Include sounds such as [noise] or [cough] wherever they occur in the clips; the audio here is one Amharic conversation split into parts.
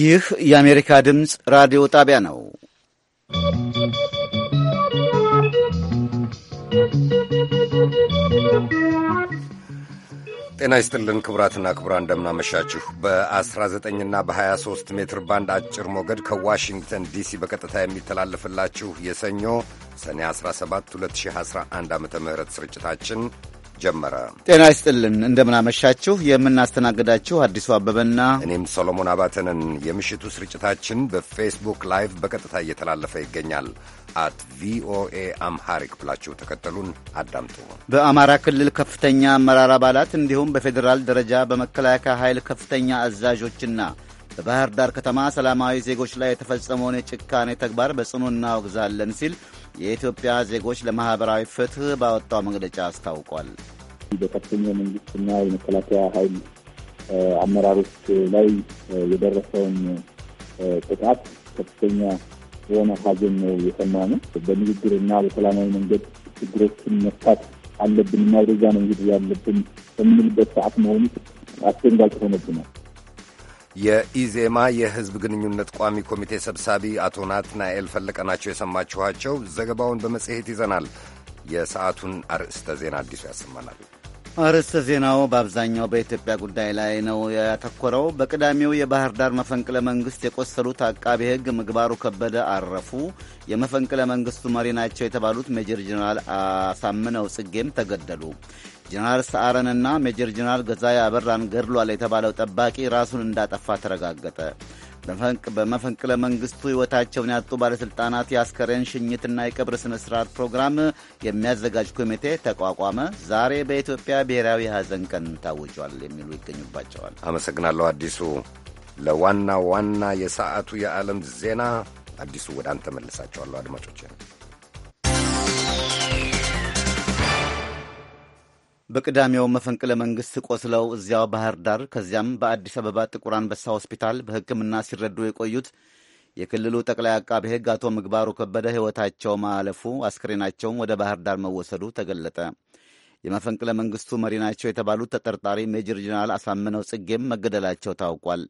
ይህ የአሜሪካ ድምፅ ራዲዮ ጣቢያ ነው። ጤና ይስጥልን ክቡራትና ክቡራን፣ እንደምናመሻችሁ። በ19ና በ23 ሜትር ባንድ አጭር ሞገድ ከዋሽንግተን ዲሲ በቀጥታ የሚተላለፍላችሁ የሰኞ ሰኔ 17 2011 ዓ ም ስርጭታችን ጀመረ። ጤና ይስጥልን፣ እንደምናመሻችሁ። የምናስተናግዳችሁ አዲሱ አበበና እኔም ሰሎሞን አባተንን። የምሽቱ ስርጭታችን በፌስቡክ ላይቭ በቀጥታ እየተላለፈ ይገኛል። አት ቪኦኤ አምሃሪክ ብላችሁ ተከተሉን አዳምጡ። በአማራ ክልል ከፍተኛ አመራር አባላት እንዲሁም በፌዴራል ደረጃ በመከላከያ ኃይል ከፍተኛ አዛዦችና በባህር ዳር ከተማ ሰላማዊ ዜጎች ላይ የተፈጸመውን የጭካኔ ተግባር በጽኑ እናወግዛለን ሲል የኢትዮጵያ ዜጎች ለማኅበራዊ ፍትህ ባወጣው መግለጫ አስታውቋል። በከፍተኛ መንግስትና የመከላከያ ኃይል አመራሮች ላይ የደረሰውን ጥቃት ከፍተኛ የሆነ ሀዘን ነው የሰማ ነው። በንግግርና በሰላማዊ መንገድ ችግሮችን መፍታት አለብን እና ወደዛ ነው እንግዲህ ያለብን በምንልበት ሰዓት መሆኑ አስደንጋጭ ሆነብናል። የኢዜማ የህዝብ ግንኙነት ቋሚ ኮሚቴ ሰብሳቢ አቶ ናትናኤል ፈለቀ ናቸው የሰማችኋቸው። ዘገባውን በመጽሔት ይዘናል። የሰዓቱን አርዕስተ ዜና አዲሱ ያሰማናል። አርዕስተ ዜናው በአብዛኛው በኢትዮጵያ ጉዳይ ላይ ነው ያተኮረው። በቅዳሜው የባህር ዳር መፈንቅለ መንግሥት የቆሰሉት አቃቤ ሕግ ምግባሩ ከበደ አረፉ። የመፈንቅለ መንግሥቱ መሪ ናቸው የተባሉት ሜጀር ጀነራል አሳምነው ጽጌም ተገደሉ። ጀነራል ሰዓረንና ሜጀር ጀነራል ገዛይ አበራን ገድሏል የተባለው ጠባቂ ራሱን እንዳጠፋ ተረጋገጠ። በመፈንቅለ መንግስቱ ሕይወታቸውን ያጡ ባለሥልጣናት የአስከሬን ሽኝትና የቀብር ሥነ ሥርዓት ፕሮግራም የሚያዘጋጅ ኮሚቴ ተቋቋመ። ዛሬ በኢትዮጵያ ብሔራዊ ሐዘን ቀን ታውጇል። የሚሉ ይገኙባቸዋል። አመሰግናለሁ አዲሱ። ለዋና ዋና የሰዓቱ የዓለም ዜና አዲሱ ወደ አንተ መልሳቸዋለሁ አድማጮች በቅዳሜው መፈንቅለ መንግስት ቆስለው እዚያው ባህር ዳር ከዚያም በአዲስ አበባ ጥቁር አንበሳ ሆስፒታል በሕክምና ሲረዱ የቆዩት የክልሉ ጠቅላይ አቃቤ ሕግ አቶ ምግባሩ ከበደ ሕይወታቸው ማለፉ አስክሬናቸውም ወደ ባህር ዳር መወሰዱ ተገለጠ። የመፈንቅለ መንግስቱ መሪ ናቸው የተባሉት ተጠርጣሪ ሜጅር ጀነራል አሳምነው ጽጌም መገደላቸው ታውቋል።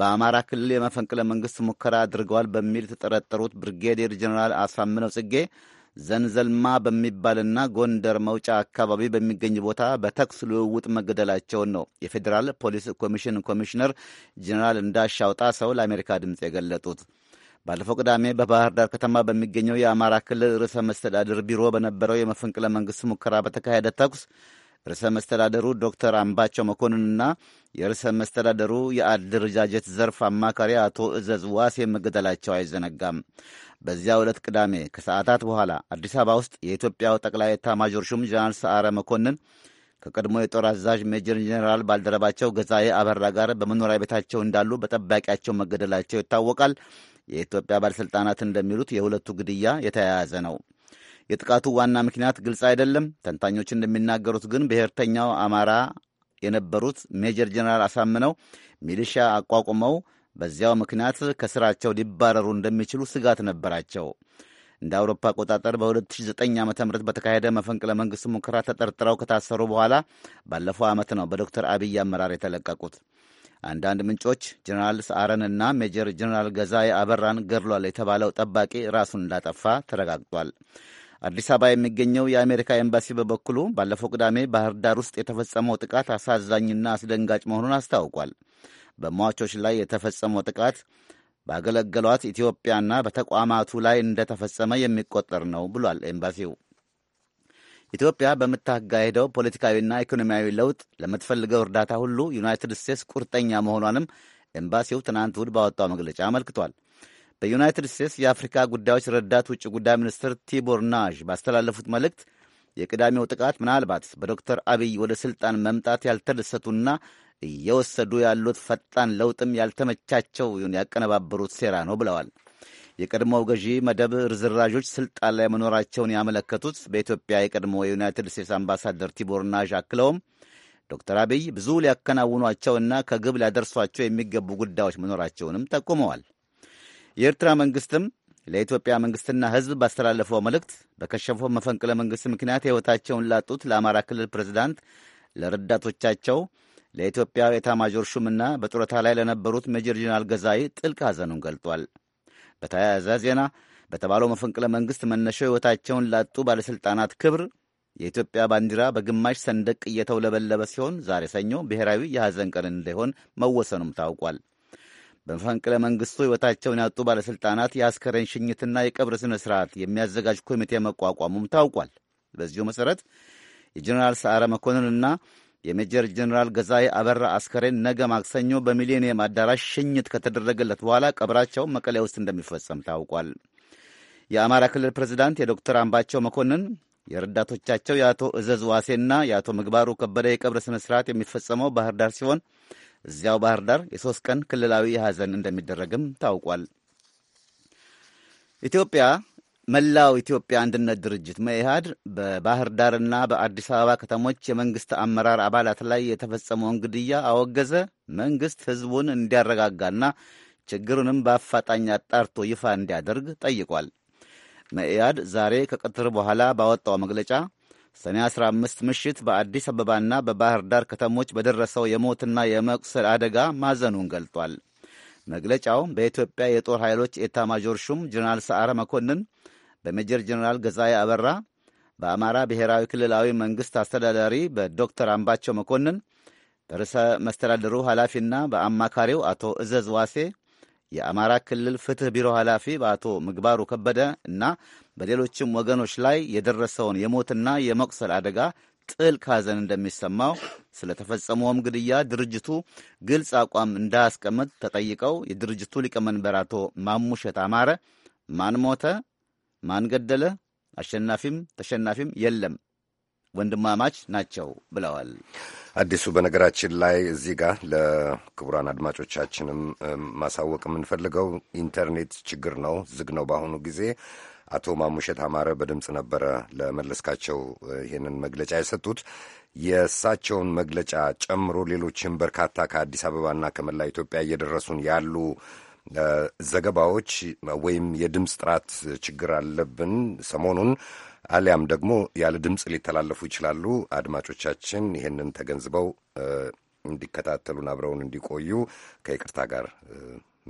በአማራ ክልል የመፈንቅለ መንግስት ሙከራ አድርገዋል በሚል የተጠረጠሩት ብርጌዴር ጀነራል አሳምነው ጽጌ ዘንዘልማ በሚባልና ጎንደር መውጫ አካባቢ በሚገኝ ቦታ በተኩስ ልውውጥ መገደላቸውን ነው የፌዴራል ፖሊስ ኮሚሽን ኮሚሽነር ጀኔራል እንዳሻው ጣሰው ለአሜሪካ ድምፅ የገለጡት። ባለፈው ቅዳሜ በባህር ዳር ከተማ በሚገኘው የአማራ ክልል ርዕሰ መስተዳድር ቢሮ በነበረው የመፈንቅለ መንግስት ሙከራ በተካሄደ ተኩስ ርዕሰ መስተዳደሩ ዶክተር አምባቸው መኮንንና የርዕሰ መስተዳደሩ የአደረጃጀት ዘርፍ አማካሪ አቶ እዘዝ ዋሴ መገደላቸው አይዘነጋም። በዚያ ዕለት ቅዳሜ ከሰዓታት በኋላ አዲስ አበባ ውስጥ የኢትዮጵያው ጠቅላይ ኤታማዦር ሹም ጀነራል ሰዓረ መኮንን ከቀድሞ የጦር አዛዥ ሜጀር ጀኔራል ባልደረባቸው ገዛኤ አበራ ጋር በመኖሪያ ቤታቸው እንዳሉ በጠባቂያቸው መገደላቸው ይታወቃል። የኢትዮጵያ ባለሥልጣናት እንደሚሉት የሁለቱ ግድያ የተያያዘ ነው። የጥቃቱ ዋና ምክንያት ግልጽ አይደለም። ተንታኞች እንደሚናገሩት ግን ብሔርተኛው አማራ የነበሩት ሜጀር ጀነራል አሳምነው ሚሊሻ አቋቁመው በዚያው ምክንያት ከስራቸው ሊባረሩ እንደሚችሉ ስጋት ነበራቸው። እንደ አውሮፓ አቆጣጠር በ2009 ዓ ም በተካሄደ መፈንቅለ መንግሥት ሙከራ ተጠርጥረው ከታሰሩ በኋላ ባለፈው ዓመት ነው በዶክተር አብይ አመራር የተለቀቁት። አንዳንድ ምንጮች ጀነራል ሰዓረን እና ሜጀር ጀነራል ገዛኢ አበራን ገድሏል የተባለው ጠባቂ ራሱን እንዳጠፋ ተረጋግጧል። አዲስ አበባ የሚገኘው የአሜሪካ ኤምባሲ በበኩሉ ባለፈው ቅዳሜ ባህር ዳር ውስጥ የተፈጸመው ጥቃት አሳዛኝና አስደንጋጭ መሆኑን አስታውቋል። በሟቾች ላይ የተፈጸመው ጥቃት ባገለገሏት ኢትዮጵያና በተቋማቱ ላይ እንደተፈጸመ የሚቆጠር ነው ብሏል ኤምባሲው። ኢትዮጵያ በምታካሄደው ፖለቲካዊና ኢኮኖሚያዊ ለውጥ ለምትፈልገው እርዳታ ሁሉ ዩናይትድ ስቴትስ ቁርጠኛ መሆኗንም ኤምባሲው ትናንት እሁድ ባወጣው መግለጫ አመልክቷል። በዩናይትድ ስቴትስ የአፍሪካ ጉዳዮች ረዳት ውጭ ጉዳይ ሚኒስትር ቲቦር ናዥ ባስተላለፉት መልእክት የቅዳሜው ጥቃት ምናልባት በዶክተር አብይ ወደ ሥልጣን መምጣት ያልተደሰቱና እየወሰዱ ያሉት ፈጣን ለውጥም ያልተመቻቸው ያቀነባበሩት ሴራ ነው ብለዋል። የቀድሞው ገዢ መደብ ርዝራዦች ስልጣን ላይ መኖራቸውን ያመለከቱት በኢትዮጵያ የቀድሞ የዩናይትድ ስቴትስ አምባሳደር ቲቦር ናዥ አክለውም ዶክተር አብይ ብዙ ሊያከናውኗቸውና ከግብ ሊያደርሷቸው የሚገቡ ጉዳዮች መኖራቸውንም ጠቁመዋል። የኤርትራ መንግስትም ለኢትዮጵያ መንግስትና ሕዝብ ባስተላለፈው መልእክት በከሸፈው መፈንቅለ መንግስት ምክንያት ሕይወታቸውን ላጡት ለአማራ ክልል ፕሬዚዳንት፣ ለረዳቶቻቸው፣ ለኢትዮጵያ ኤታማዦር ሹምና በጡረታ ላይ ለነበሩት ሜጀር ጀነራል ገዛይ ጥልቅ ሐዘኑን ገልጧል። በተያያዘ ዜና በተባለው መፈንቅለ መንግስት መነሻው ሕይወታቸውን ላጡ ባለሥልጣናት ክብር የኢትዮጵያ ባንዲራ በግማሽ ሰንደቅ እየተውለበለበ ሲሆን ዛሬ ሰኞ ብሔራዊ የሐዘን ቀን እንዲሆን መወሰኑም ታውቋል። በመፈንቅለ መንግስቱ ሕይወታቸውን ያጡ ባለሥልጣናት የአስከሬን ሽኝትና የቀብር ሥነ ሥርዓት የሚያዘጋጅ ኮሚቴ መቋቋሙም ታውቋል። በዚሁ መሠረት የጀኔራል ሰዓረ መኮንንና የሜጀር ጀኔራል ገዛይ አበራ አስከሬን ነገ ማክሰኞ በሚሊኒየም አዳራሽ ሽኝት ከተደረገለት በኋላ ቀብራቸው መቀሌ ውስጥ እንደሚፈጸም ታውቋል። የአማራ ክልል ፕሬዚዳንት የዶክተር አምባቸው መኮንን የረዳቶቻቸው የአቶ እዘዝ ዋሴና የአቶ ምግባሩ ከበደ የቀብር ሥነ ሥርዓት የሚፈጸመው ባህር ዳር ሲሆን እዚያው ባህር ዳር የሶስት ቀን ክልላዊ ሐዘን እንደሚደረግም ታውቋል። ኢትዮጵያ መላው ኢትዮጵያ አንድነት ድርጅት መኢሃድ በባህር ዳርና በአዲስ አበባ ከተሞች የመንግሥት አመራር አባላት ላይ የተፈጸመውን ግድያ አወገዘ። መንግሥት ሕዝቡን እንዲያረጋጋና ችግሩንም በአፋጣኝ አጣርቶ ይፋ እንዲያደርግ ጠይቋል። መኢአድ ዛሬ ከቀትር በኋላ ባወጣው መግለጫ ሰኔ 15 ምሽት በአዲስ አበባና በባህር ዳር ከተሞች በደረሰው የሞትና የመቁሰል አደጋ ማዘኑን ገልጧል። መግለጫው በኢትዮጵያ የጦር ኃይሎች ማጆር ሹም ጀኔራል ሰዓረ መኮንን፣ በሜጀር ጀኔራል ገዛኢ አበራ፣ በአማራ ብሔራዊ ክልላዊ መንግሥት አስተዳዳሪ በዶክተር አምባቸው መኮንን፣ በርዕሰ መስተዳድሩ ኃላፊና በአማካሪው አቶ እዘዝ ዋሴ የአማራ ክልል ፍትህ ቢሮ ኃላፊ በአቶ ምግባሩ ከበደ እና በሌሎችም ወገኖች ላይ የደረሰውን የሞትና የመቁሰል አደጋ ጥልቅ ሐዘን እንደሚሰማው ስለተፈጸመውም ግድያ ድርጅቱ ግልጽ አቋም እንዳያስቀምጥ ተጠይቀው የድርጅቱ ሊቀመንበር አቶ ማሙሸት አማረ ማን ሞተ፣ ማን ገደለ፣ አሸናፊም ተሸናፊም የለም ወንድማማች ናቸው ብለዋል። አዲሱ በነገራችን ላይ እዚህ ጋር ለክቡራን አድማጮቻችንም ማሳወቅ የምንፈልገው ኢንተርኔት ችግር ነው፣ ዝግ ነው በአሁኑ ጊዜ። አቶ ማሙሸት አማረ በድምፅ ነበረ ለመለስካቸው ይህንን መግለጫ የሰጡት። የእሳቸውን መግለጫ ጨምሮ ሌሎችን በርካታ ከአዲስ አበባና ከመላ ኢትዮጵያ እየደረሱን ያሉ ዘገባዎች ወይም የድምፅ ጥራት ችግር አለብን ሰሞኑን አሊያም ደግሞ ያለ ድምፅ ሊተላለፉ ይችላሉ። አድማጮቻችን ይህንን ተገንዝበው እንዲከታተሉን አብረውን እንዲቆዩ ከይቅርታ ጋር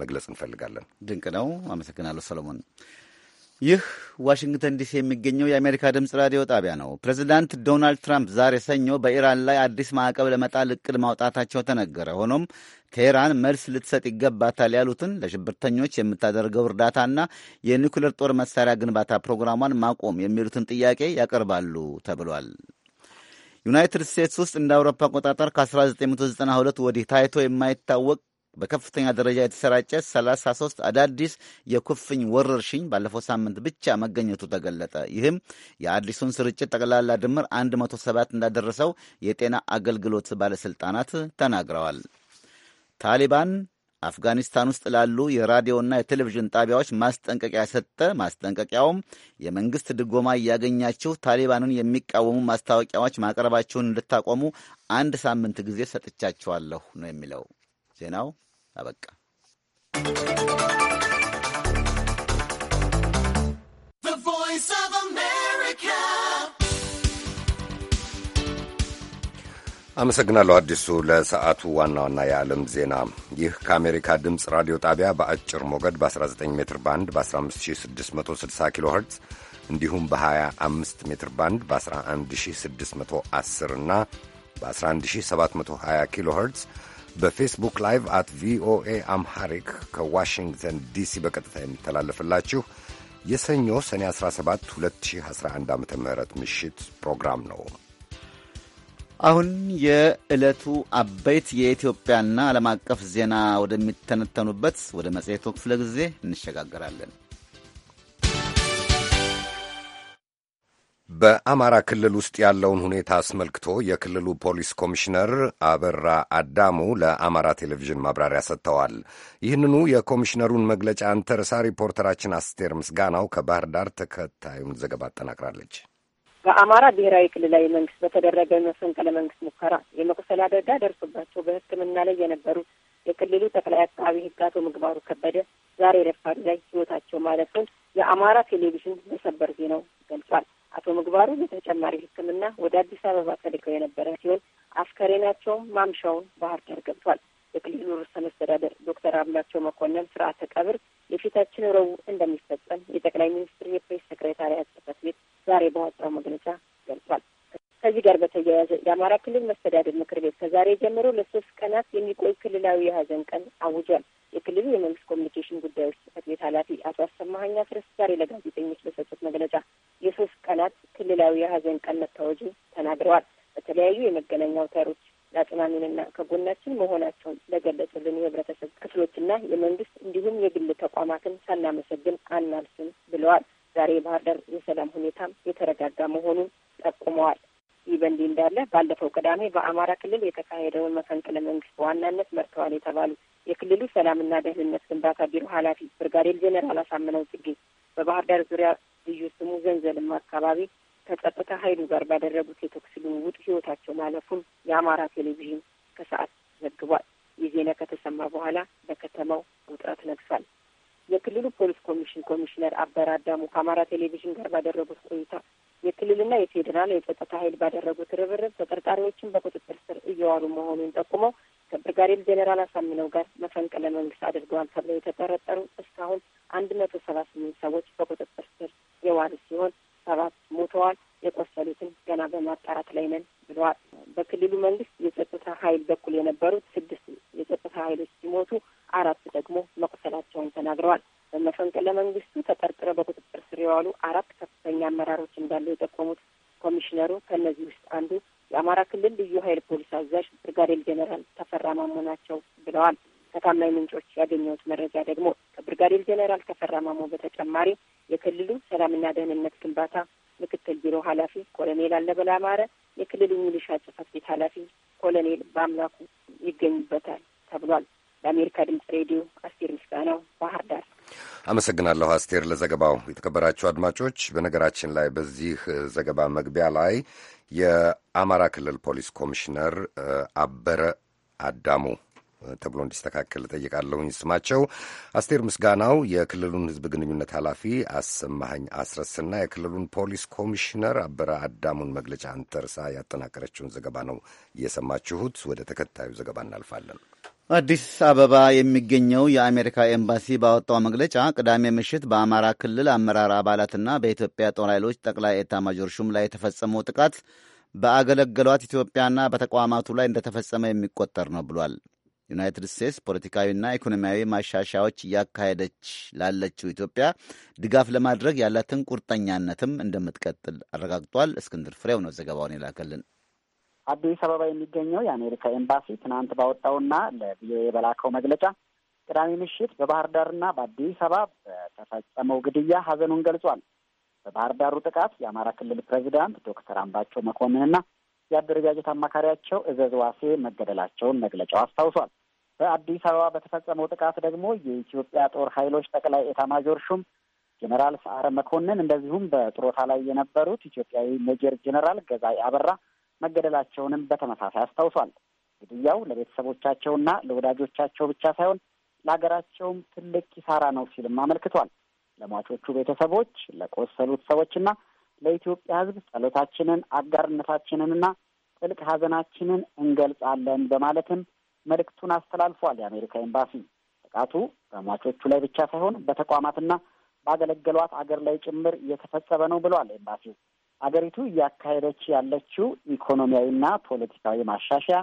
መግለጽ እንፈልጋለን። ድንቅ ነው። አመሰግናለሁ ሰሎሞን። ይህ ዋሽንግተን ዲሲ የሚገኘው የአሜሪካ ድምፅ ራዲዮ ጣቢያ ነው። ፕሬዚዳንት ዶናልድ ትራምፕ ዛሬ ሰኞ በኢራን ላይ አዲስ ማዕቀብ ለመጣል እቅድ ማውጣታቸው ተነገረ። ሆኖም ቴህራን መልስ ልትሰጥ ይገባታል ያሉትን ለሽብርተኞች የምታደርገው እርዳታና የኒኩሌር ጦር መሳሪያ ግንባታ ፕሮግራሟን ማቆም የሚሉትን ጥያቄ ያቀርባሉ ተብሏል። ዩናይትድ ስቴትስ ውስጥ እንደ አውሮፓ አቆጣጠር ከ1992 ወዲህ ታይቶ የማይታወቅ በከፍተኛ ደረጃ የተሰራጨ 33 አዳዲስ የኩፍኝ ወረርሽኝ ባለፈው ሳምንት ብቻ መገኘቱ ተገለጠ። ይህም የአዲሱን ስርጭት ጠቅላላ ድምር 107 እንዳደረሰው የጤና አገልግሎት ባለሥልጣናት ተናግረዋል። ታሊባን አፍጋኒስታን ውስጥ ላሉ የራዲዮና የቴሌቪዥን ጣቢያዎች ማስጠንቀቂያ ሰጠ። ማስጠንቀቂያውም የመንግሥት ድጎማ እያገኛችሁ ታሊባንን የሚቃወሙ ማስታወቂያዎች ማቅረባችሁን እንድታቆሙ አንድ ሳምንት ጊዜ ሰጥቻችኋለሁ ነው የሚለው። ዜናው አበቃ። አመሰግናለሁ አዲሱ። ለሰዓቱ ዋና ዋና የዓለም ዜና። ይህ ከአሜሪካ ድምፅ ራዲዮ ጣቢያ በአጭር ሞገድ በ19 ሜትር ባንድ በ15660 ኪሎ ኸርትዝ እንዲሁም በ25 ሜትር ባንድ በ11610 እና በ11720 ኪሎ ኸርትዝ በፌስቡክ ላይቭ አት ቪኦኤ አምሃሪክ ከዋሽንግተን ዲሲ በቀጥታ የሚተላለፍላችሁ የሰኞ ሰኔ 17 2011 ዓ ም ምሽት ፕሮግራም ነው። አሁን የዕለቱ አበይት የኢትዮጵያና ዓለም አቀፍ ዜና ወደሚተነተኑበት ወደ መጽሔቱ ክፍለ ጊዜ እንሸጋገራለን። በአማራ ክልል ውስጥ ያለውን ሁኔታ አስመልክቶ የክልሉ ፖሊስ ኮሚሽነር አበራ አዳሙ ለአማራ ቴሌቪዥን ማብራሪያ ሰጥተዋል። ይህንኑ የኮሚሽነሩን መግለጫ አንተርሳ ሪፖርተራችን አስቴር ምስጋናው ከባህር ዳር ተከታዩን ዘገባ አጠናቅራለች። በአማራ ብሔራዊ ክልላዊ መንግስት በተደረገ መፈንቅለ መንግስት ሙከራ የመቁሰል አደጋ ደርሶባቸው በሕክምና ላይ የነበሩት የክልሉ ጠቅላይ አቃቢ ሕግ አቶ ምግባሩ ከበደ ዛሬ ረፋድ ላይ ህይወታቸው ማለፉን የአማራ ቴሌቪዥን መሰበር ዜናው ገልጿል። አቶ ምግባሩ ለተጨማሪ ሕክምና ወደ አዲስ አበባ ተልከው የነበረ ሲሆን አስከሬናቸውም ማምሻውን ባህር ዳር ገብቷል። የክልሉ ርዕሰ መስተዳደር ዶክተር አምባቸው መኮንን ስርዓተ ቀብር የፊታችን ረቡዕ እንደሚፈጸም የጠቅላይ ሚኒስትር የፕሬስ ሰክሬታሪያት ጽፈት ቤት ዛሬ ባወጣው መግለጫ ገልጿል። ከዚህ ጋር በተያያዘ የአማራ ክልል መስተዳድር ምክር ቤት ከዛሬ ጀምሮ ለሶስት ቀናት የሚቆይ ክልላዊ የሀዘን ቀን አውጇል። የክልሉ የመንግስት ኮሚኒኬሽን ጉዳዮች ጽሕፈት ቤት ኃላፊ አቶ አሰማሀኛ ስረስ ዛሬ ለጋዜጠኞች በሰጡት መግለጫ የሶስት ቀናት ክልላዊ የሀዘን ቀን መታወጁ ተናግረዋል። በተለያዩ የመገናኛ አውታሮች ለአጽናኑንና ከጎናችን መሆናቸውን ለገለጹልን የህብረተሰብ ክፍሎችና የመንግስት እንዲሁም የግል ተቋማትን ሳናመሰግን አናልፍም ብለዋል። ዛሬ የባህር ዳር የሰላም ሁኔታም የተረጋጋ መሆኑን ጠቁመዋል። ይህ በእንዲህ እንዳለ ባለፈው ቅዳሜ በአማራ ክልል የተካሄደውን መፈንቅለ መንግስት በዋናነት መርተዋል የተባሉ የክልሉ ሰላምና ደህንነት ግንባታ ቢሮ ኃላፊ ብርጋዴር ጄኔራል አሳምነው ጽጌ በባህር ዳር ዙሪያ ልዩ ስሙ ዘንዘልማ አካባቢ ከጸጥታ ኃይሉ ጋር ባደረጉት የተኩስ ልውውጥ ህይወታቸው ማለፉን የአማራ ቴሌቪዥን ከሰዓት ዘግቧል። ይህ ዜና ከተሰማ በኋላ በከተማው ውጥረት ነግሷል። የክልሉ ፖሊስ ኮሚሽን ኮሚሽነር አበራ አዳሙ ከአማራ ቴሌቪዥን ጋር ባደረጉት ቆይታ የክልልና የፌዴራል የጸጥታ ኃይል ባደረጉት ርብርብ ተጠርጣሪዎችን በቁጥጥር ስር እየዋሉ መሆኑን ጠቁመው ከብርጋዴር ጄኔራል አሳምነው ጋር መፈንቅለ መንግስት አድርገዋል ተብለው የተጠረጠሩ እስካሁን አንድ መቶ ሰባ ስምንት ሰዎች በቁጥጥር ስር የዋሉ ሲሆን ሰባት ሞተዋል። የቆሰሉትን ገና በማጣራት ላይ ነን ብለዋል። በክልሉ መንግስት የጸጥታ ኃይል በኩል የነበሩት ስድስት የጸጥታ ኃይሎች ሲሞቱ አራት ደግሞ መቁሰላቸውን ተናግረዋል። በመፈንቅለ መንግስቱ ተጠርጥረው በቁጥጥር ስር የዋሉ አራት ከፍተኛ አመራሮች እንዳሉ የጠቆሙት ኮሚሽነሩ ከእነዚህ ውስጥ አንዱ የአማራ ክልል ልዩ ኃይል ፖሊስ አዛዥ ብርጋዴር ጄኔራል ተፈራ ማሞ ናቸው ብለዋል። ከታማኝ ምንጮች ያገኘሁት መረጃ ደግሞ ከብርጋዴር ጄኔራል ተፈራ ማሞ በተጨማሪ የክልሉ ሰላምና ደህንነት ግንባታ ምክትል ቢሮ ኃላፊ ኮሎኔል አለበላ አማረ፣ የክልሉ ሚሊሻ ጽህፈት ቤት ኃላፊ ኮሎኔል በአምላኩ ይገኙበታል ተብሏል። ለአሜሪካ ድምጽ ሬዲዮ አስቴር ምስጋናው ባህር ዳር። አመሰግናለሁ አስቴር ለዘገባው። የተከበራችሁ አድማጮች፣ በነገራችን ላይ በዚህ ዘገባ መግቢያ ላይ የአማራ ክልል ፖሊስ ኮሚሽነር አበረ አዳሙ ተብሎ እንዲስተካከል እጠይቃለሁኝ። ስማቸው አስቴር ምስጋናው የክልሉን ሕዝብ ግንኙነት ኃላፊ አሰማኸኝ አስረስና የክልሉን ፖሊስ ኮሚሽነር አበረ አዳሙን መግለጫ አንተርሳ ያጠናቀረችውን ዘገባ ነው የሰማችሁት። ወደ ተከታዩ ዘገባ እናልፋለን። አዲስ አበባ የሚገኘው የአሜሪካ ኤምባሲ ባወጣው መግለጫ ቅዳሜ ምሽት በአማራ ክልል አመራር አባላትና በኢትዮጵያ ጦር ኃይሎች ጠቅላይ ኤታማዦር ሹም ላይ የተፈጸመው ጥቃት በአገለገሏት ኢትዮጵያና በተቋማቱ ላይ እንደተፈጸመ የሚቆጠር ነው ብሏል። ዩናይትድ ስቴትስ ፖለቲካዊና ኢኮኖሚያዊ ማሻሻያዎች እያካሄደች ላለችው ኢትዮጵያ ድጋፍ ለማድረግ ያላትን ቁርጠኛነትም እንደምትቀጥል አረጋግጧል። እስክንድር ፍሬው ነው ዘገባውን የላከልን። አዲስ አበባ የሚገኘው የአሜሪካ ኤምባሲ ትናንት ባወጣውና ለቪኦኤ በላከው መግለጫ ቅዳሜ ምሽት በባህር ዳርና በአዲስ አበባ በተፈጸመው ግድያ ሀዘኑን ገልጿል። በባህር ዳሩ ጥቃት የአማራ ክልል ፕሬዚዳንት ዶክተር አምባቸው መኮንንና የአደረጃጀት አማካሪያቸው እዘዝ ዋሴ መገደላቸውን መግለጫው አስታውሷል። በአዲስ አበባ በተፈጸመው ጥቃት ደግሞ የኢትዮጵያ ጦር ኃይሎች ጠቅላይ ኤታማዦር ሹም ጄኔራል ሰዓረ መኮንን እንደዚሁም በጥሮታ ላይ የነበሩት ኢትዮጵያዊ ሜጀር ጄኔራል ገዛይ አበራ መገደላቸውንም በተመሳሳይ አስታውሷል። ግድያው ለቤተሰቦቻቸውና ለወዳጆቻቸው ብቻ ሳይሆን ለሀገራቸውም ትልቅ ኪሳራ ነው ሲልም አመልክቷል። ለሟቾቹ ቤተሰቦች፣ ለቆሰሉት ሰዎችና ለኢትዮጵያ ሕዝብ ጸሎታችንን አጋርነታችንንና ጥልቅ ሀዘናችንን እንገልጻለን በማለትም መልእክቱን አስተላልፏል። የአሜሪካ ኤምባሲ ጥቃቱ በሟቾቹ ላይ ብቻ ሳይሆን በተቋማትና ባገለገሏት አገር ላይ ጭምር እየተፈጸመ ነው ብሏል ኤምባሲው። አገሪቱ እያካሄደች ያለችው ኢኮኖሚያዊና ፖለቲካዊ ማሻሻያ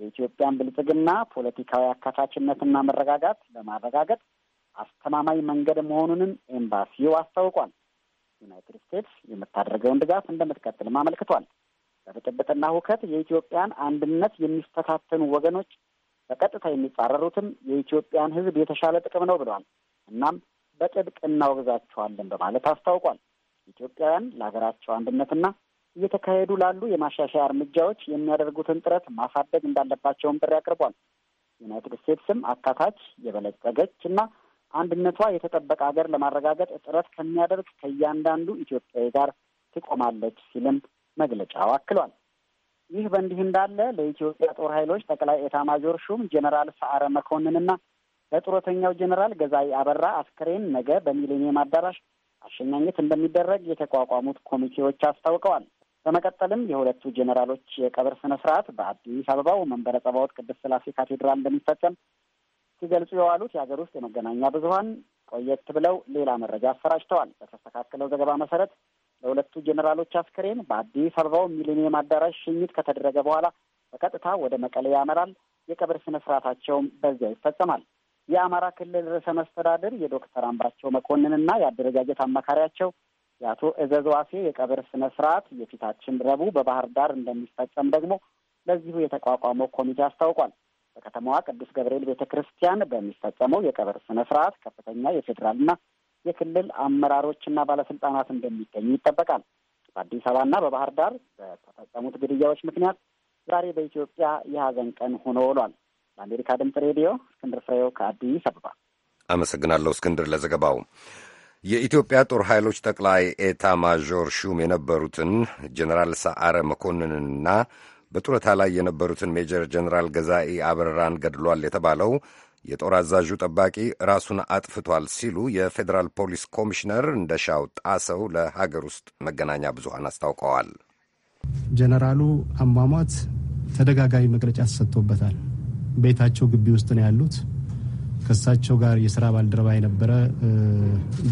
የኢትዮጵያን ብልጽግና ፖለቲካዊ አካታችነትና መረጋጋት ለማረጋገጥ አስተማማኝ መንገድ መሆኑንም ኤምባሲው አስታውቋል። ዩናይትድ ስቴትስ የምታደርገውን ድጋፍ እንደምትቀጥልም አመልክቷል። በብጥብጥና ሁከት የኢትዮጵያን አንድነት የሚፈታተኑ ወገኖች በቀጥታ የሚጻረሩትም የኢትዮጵያን ሕዝብ የተሻለ ጥቅም ነው ብለዋል። እናም በጥብቅ እናወግዛቸዋለን በማለት አስታውቋል። ኢትዮጵያውያን ለሀገራቸው አንድነትና እየተካሄዱ ላሉ የማሻሻያ እርምጃዎች የሚያደርጉትን ጥረት ማሳደግ እንዳለባቸውም ጥሪ አቅርቧል። ዩናይትድ ስቴትስም አካታች የበለጸገች እና አንድነቷ የተጠበቀ ሀገር ለማረጋገጥ ጥረት ከሚያደርግ ከእያንዳንዱ ኢትዮጵያዊ ጋር ትቆማለች ሲልም መግለጫው አክሏል። ይህ በእንዲህ እንዳለ ለኢትዮጵያ ጦር ኃይሎች ጠቅላይ ኤታማዦር ሹም ጄኔራል ሰዓረ መኮንንና ለጡረተኛው ጄኔራል ገዛይ አበራ አስከሬን ነገ በሚሌኒየም አዳራሽ ሽኝት እንደሚደረግ የተቋቋሙት ኮሚቴዎች አስታውቀዋል። በመቀጠልም የሁለቱ ጄኔራሎች የቀብር ስነ ስርዓት በአዲስ አበባው መንበረ ጸባዖት ቅድስት ስላሴ ካቴድራል እንደሚፈጸም ሲገልጹ የዋሉት የሀገር ውስጥ የመገናኛ ብዙኃን ቆየት ብለው ሌላ መረጃ አሰራጭተዋል። በተስተካከለው ዘገባ መሰረት ለሁለቱ ጄኔራሎች አስክሬን በአዲስ አበባው ሚሊኒየም አዳራሽ ሽኝት ከተደረገ በኋላ በቀጥታ ወደ መቀሌ ያመራል። የቀብር ስነ ስርዓታቸውም በዚያ ይፈጸማል። የአማራ ክልል ርዕሰ መስተዳድር የዶክተር አምባቸው መኮንንና የአደረጃጀት አማካሪያቸው የአቶ እዘዝ ዋሴ የቀብር ስነ ስርዓት የፊታችን ረቡዕ በባህር ዳር እንደሚፈጸም ደግሞ ለዚሁ የተቋቋመው ኮሚቴ አስታውቋል። በከተማዋ ቅዱስ ገብርኤል ቤተ ክርስቲያን በሚፈጸመው የቀብር ስነ ስርዓት ከፍተኛ የፌዴራልና የክልል አመራሮችና ባለስልጣናት እንደሚገኙ ይጠበቃል። በአዲስ አበባና በባህር ዳር በተፈጸሙት ግድያዎች ምክንያት ዛሬ በኢትዮጵያ የሀዘን ቀን ሆኖ ውሏል። ለአሜሪካ ድምፅ ሬዲዮ እስክንድር ፍሬው ከአዲስ አበባ አመሰግናለሁ። እስክንድር ለዘገባው። የኢትዮጵያ ጦር ኃይሎች ጠቅላይ ኤታ ማዦር ሹም የነበሩትን ጀኔራል ሰዓረ መኮንንና በጡረታ ላይ የነበሩትን ሜጀር ጀኔራል ገዛኢ አበራን ገድሏል የተባለው የጦር አዛዡ ጠባቂ ራሱን አጥፍቷል ሲሉ የፌዴራል ፖሊስ ኮሚሽነር እንደሻው ጣሰው ለሀገር ውስጥ መገናኛ ብዙሃን አስታውቀዋል። ጀነራሉ አሟሟት ተደጋጋሚ መግለጫ ተሰጥቶበታል። ቤታቸው ግቢ ውስጥ ነው ያሉት። ከእሳቸው ጋር የስራ ባልደረባ የነበረ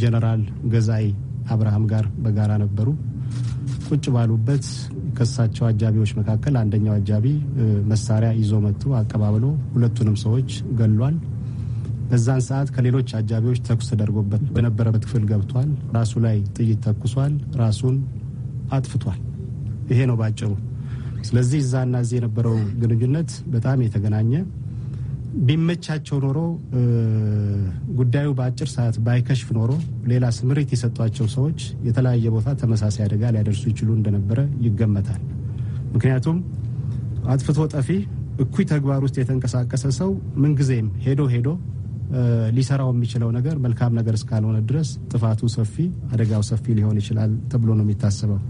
ጀነራል ገዛይ አብርሃም ጋር በጋራ ነበሩ። ቁጭ ባሉበት ከእሳቸው አጃቢዎች መካከል አንደኛው አጃቢ መሳሪያ ይዞ መጥቶ አቀባብሎ ሁለቱንም ሰዎች ገሏል። በዛን ሰዓት ከሌሎች አጃቢዎች ተኩስ ተደርጎበት በነበረበት ክፍል ገብቷል። ራሱ ላይ ጥይት ተኩሷል። ራሱን አጥፍቷል። ይሄ ነው ባጭሩ። ስለዚህ እዛና እዚህ የነበረው ግንኙነት በጣም የተገናኘ ቢመቻቸው ኖሮ ጉዳዩ በአጭር ሰዓት ባይከሽፍ ኖሮ ሌላ ስምሪት የሰጧቸው ሰዎች የተለያየ ቦታ ተመሳሳይ አደጋ ሊያደርሱ ይችሉ እንደነበረ ይገመታል። ምክንያቱም አጥፍቶ ጠፊ እኩይ ተግባር ውስጥ የተንቀሳቀሰ ሰው ምንጊዜም ሄዶ ሄዶ ሊሰራው የሚችለው ነገር መልካም ነገር እስካልሆነ ድረስ ጥፋቱ ሰፊ፣ አደጋው ሰፊ ሊሆን ይችላል ተብሎ ነው የሚታሰበው።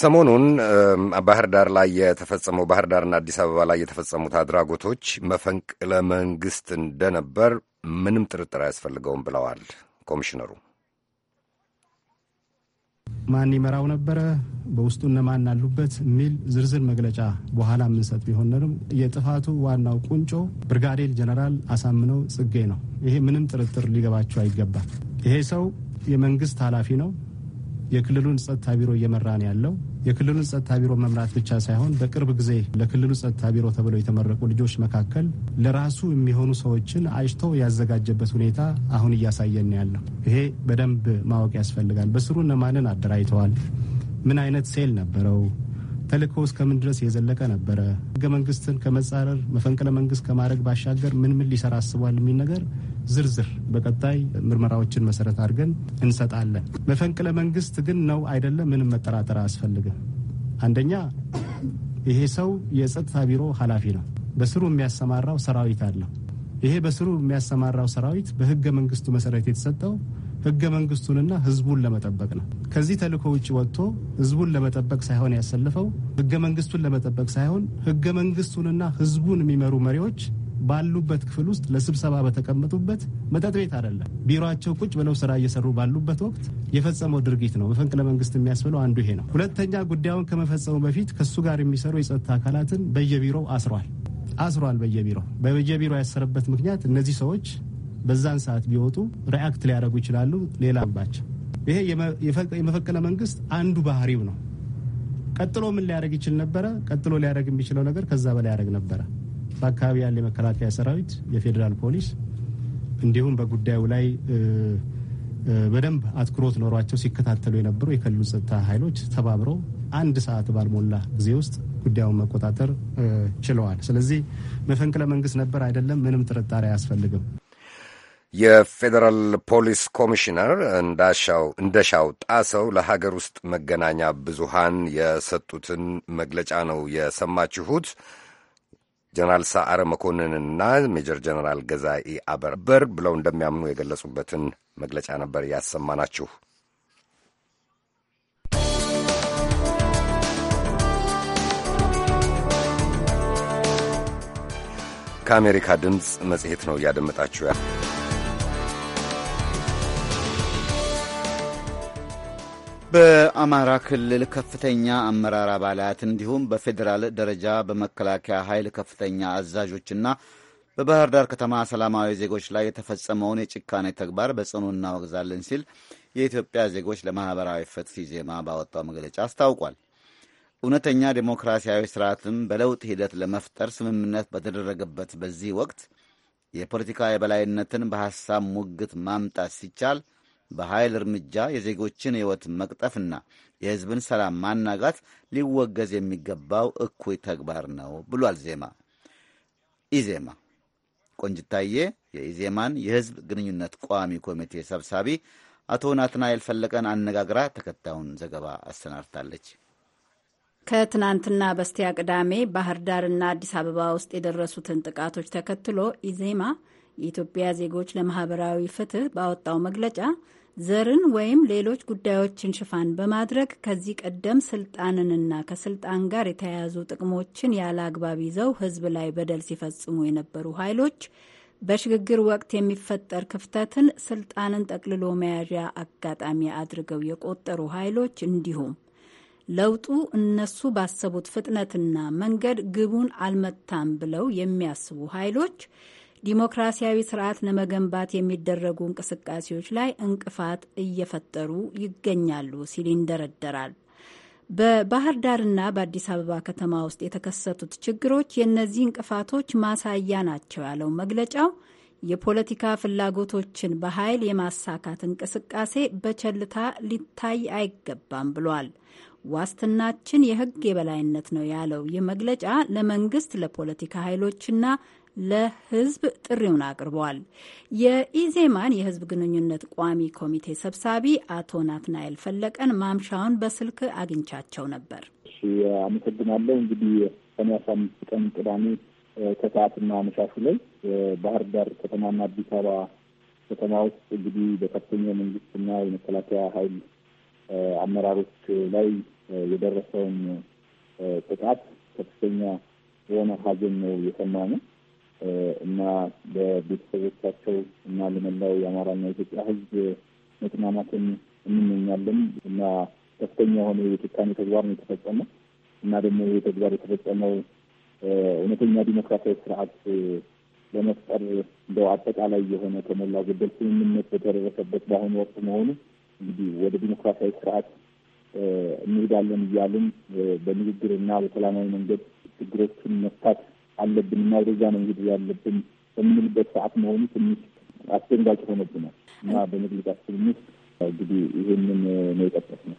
ሰሞኑን ባህር ዳር ላይ የተፈጸመው ባህር ዳርና አዲስ አበባ ላይ የተፈጸሙት አድራጎቶች መፈንቅለ መንግስት እንደነበር ምንም ጥርጥር አያስፈልገውም ብለዋል ኮሚሽነሩ። ማን ይመራው ነበረ፣ በውስጡ እነማን አሉበት የሚል ዝርዝር መግለጫ በኋላ የምንሰጥ ቢሆንም የጥፋቱ ዋናው ቁንጮ ብርጋዴር ጀነራል አሳምነው ጽጌ ነው። ይሄ ምንም ጥርጥር ሊገባቸው አይገባል። ይሄ ሰው የመንግስት ኃላፊ ነው። የክልሉን ጸጥታ ቢሮ እየመራ ነው ያለው። የክልሉን ጸጥታ ቢሮ መምራት ብቻ ሳይሆን በቅርብ ጊዜ ለክልሉ ጸጥታ ቢሮ ተብለው የተመረቁ ልጆች መካከል ለራሱ የሚሆኑ ሰዎችን አጭቶ ያዘጋጀበት ሁኔታ አሁን እያሳየን ያለው ይሄ በደንብ ማወቅ ያስፈልጋል። በስሩ እነማንን አደራጅተዋል? ምን አይነት ሴል ነበረው? ተልእኮ እስከ ምን ድረስ የዘለቀ ነበረ? ህገ መንግስትን ከመጻረር መፈንቅለ መንግስት ከማድረግ ባሻገር ምን ምን ሊሰራ አስቧል የሚል ነገር ዝርዝር በቀጣይ ምርመራዎችን መሰረት አድርገን እንሰጣለን። መፈንቅለ መንግስት ግን ነው አይደለም፣ ምንም መጠራጠር አያስፈልግም። አንደኛ ይሄ ሰው የጸጥታ ቢሮ ኃላፊ ነው። በስሩ የሚያሰማራው ሰራዊት አለው። ይሄ በስሩ የሚያሰማራው ሰራዊት በህገ መንግስቱ መሰረት የተሰጠው ህገ መንግስቱንና ህዝቡን ለመጠበቅ ነው። ከዚህ ተልእኮ ውጭ ወጥቶ ህዝቡን ለመጠበቅ ሳይሆን ያሰልፈው ህገ መንግስቱን ለመጠበቅ ሳይሆን ህገ መንግስቱንና ህዝቡን የሚመሩ መሪዎች ባሉበት ክፍል ውስጥ ለስብሰባ በተቀመጡበት መጠጥ ቤት አይደለም፣ ቢሮቸው ቁጭ ብለው ስራ እየሰሩ ባሉበት ወቅት የፈጸመው ድርጊት ነው። መፈንቅለ መንግስት የሚያስብለው አንዱ ይሄ ነው። ሁለተኛ ጉዳዩን ከመፈጸሙ በፊት ከእሱ ጋር የሚሰሩ የጸጥታ አካላትን በየቢሮው አስሯል አስሯል። በየቢሮ በየቢሮ ያሰረበት ምክንያት እነዚህ ሰዎች በዛን ሰዓት ቢወጡ ሪአክት ሊያደርጉ ይችላሉ። ሌላባቸው ይሄ የመፈንቅለ መንግስት አንዱ ባህሪው ነው። ቀጥሎ ምን ሊያደርግ ይችል ነበረ? ቀጥሎ ሊያደርግ የሚችለው ነገር ከዛ በላይ ያደርግ ነበረ። በአካባቢ ያለ የመከላከያ ሰራዊት፣ የፌዴራል ፖሊስ እንዲሁም በጉዳዩ ላይ በደንብ አትኩሮት ኖሯቸው ሲከታተሉ የነበሩ የክልሉ ጸጥታ ኃይሎች ተባብረው አንድ ሰዓት ባልሞላ ጊዜ ውስጥ ጉዳዩን መቆጣጠር ችለዋል። ስለዚህ መፈንቅለ መንግስት ነበር አይደለም፣ ምንም ጥርጣሬ አያስፈልግም። የፌዴራል ፖሊስ ኮሚሽነር እንደሻው ጣሰው ለሀገር ውስጥ መገናኛ ብዙሃን የሰጡትን መግለጫ ነው የሰማችሁት። ጀነራል ሰዓረ መኮንንና ሜጀር ጀነራል ገዛኢ አበርበር ብለው እንደሚያምኑ የገለጹበትን መግለጫ ነበር ያሰማናችሁ። ከአሜሪካ ድምፅ መጽሔት ነው እያደመጣችሁ ያ በአማራ ክልል ከፍተኛ አመራር አባላት እንዲሁም በፌዴራል ደረጃ በመከላከያ ኃይል ከፍተኛ አዛዦችና በባህር ዳር ከተማ ሰላማዊ ዜጎች ላይ የተፈጸመውን የጭካኔ ተግባር በጽኑ እናወግዛለን ሲል የኢትዮጵያ ዜጎች ለማኅበራዊ ፍትህ ዜማ ባወጣው መግለጫ አስታውቋል። እውነተኛ ዴሞክራሲያዊ ስርዓትም በለውጥ ሂደት ለመፍጠር ስምምነት በተደረገበት በዚህ ወቅት የፖለቲካ የበላይነትን በሐሳብ ሙግት ማምጣት ሲቻል በኃይል እርምጃ የዜጎችን ሕይወት መቅጠፍና የሕዝብን ሰላም ማናጋት ሊወገዝ የሚገባው እኩይ ተግባር ነው ብሏል ዜማ ኢዜማ። ቆንጅታዬ የኢዜማን የሕዝብ ግንኙነት ቋሚ ኮሚቴ ሰብሳቢ አቶ ናትናኤል ፈለቀን አነጋግራ ተከታዩን ዘገባ አሰናድታለች። ከትናንትና በስቲያ ቅዳሜ ባህር ዳርና አዲስ አበባ ውስጥ የደረሱትን ጥቃቶች ተከትሎ ኢዜማ የኢትዮጵያ ዜጎች ለማህበራዊ ፍትህ ባወጣው መግለጫ ዘርን ወይም ሌሎች ጉዳዮችን ሽፋን በማድረግ ከዚህ ቀደም ስልጣንንና ከስልጣን ጋር የተያያዙ ጥቅሞችን ያለ አግባብ ይዘው ህዝብ ላይ በደል ሲፈጽሙ የነበሩ ኃይሎች በሽግግር ወቅት የሚፈጠር ክፍተትን ስልጣንን ጠቅልሎ መያዣ አጋጣሚ አድርገው የቆጠሩ ኃይሎች እንዲሁም ለውጡ እነሱ ባሰቡት ፍጥነትና መንገድ ግቡን አልመታም ብለው የሚያስቡ ኃይሎች ዲሞክራሲያዊ ስርዓት ለመገንባት የሚደረጉ እንቅስቃሴዎች ላይ እንቅፋት እየፈጠሩ ይገኛሉ ሲል ይንደረደራል። በባህር ዳርና በአዲስ አበባ ከተማ ውስጥ የተከሰቱት ችግሮች የእነዚህ እንቅፋቶች ማሳያ ናቸው ያለው መግለጫው የፖለቲካ ፍላጎቶችን በኃይል የማሳካት እንቅስቃሴ በቸልታ ሊታይ አይገባም ብሏል። ዋስትናችን የሕግ የበላይነት ነው ያለው ይህ መግለጫ ለመንግስት፣ ለፖለቲካ ኃይሎችና ለህዝብ ጥሪውን አቅርበዋል። የኢዜማን የህዝብ ግንኙነት ቋሚ ኮሚቴ ሰብሳቢ አቶ ናትናኤል ፈለቀን ማምሻውን በስልክ አግኝቻቸው ነበር። አመሰግናለሁ። እንግዲህ ሰኔ አስራ አምስት ቀን ቅዳሜ ከሰዓትና አመሻሹ ላይ ባህር ዳር ከተማና አዲስ አበባ ከተማ ውስጥ እንግዲህ በከፍተኛ የመንግስትና የመከላከያ ኃይል አመራሮች ላይ የደረሰውን ጥቃት ከፍተኛ የሆነ ሀዘን ነው ነው። እና ለቤተሰቦቻቸው እና ለመላው የአማራና የኢትዮጵያ ሕዝብ መጽናናትን እንመኛለን እና ከፍተኛ የሆነ የጭካኔ ተግባር ነው የተፈጸመ እና ደግሞ ይህ ተግባር የተፈጸመው እውነተኛ ዲሞክራሲያዊ ስርዓት ለመፍጠር እንደው አጠቃላይ የሆነ ከሞላ ጎደል ስምምነት በተደረሰበት በአሁኑ ወቅት መሆኑ እንግዲህ ወደ ዲሞክራሲያዊ ስርዓት እንሄዳለን እያልን በንግግርና በሰላማዊ መንገድ ችግሮችን መፍታት አለብን እና ወደዛ ነው እንግዲህ ያለብን በምንልበት ሰዓት መሆኑ ትንሽ አስደንጋጭ ሆነብናል እና በመግለጫችን ውስጥ እንግዲህ ይህንን ነው የጠቀስ ነው።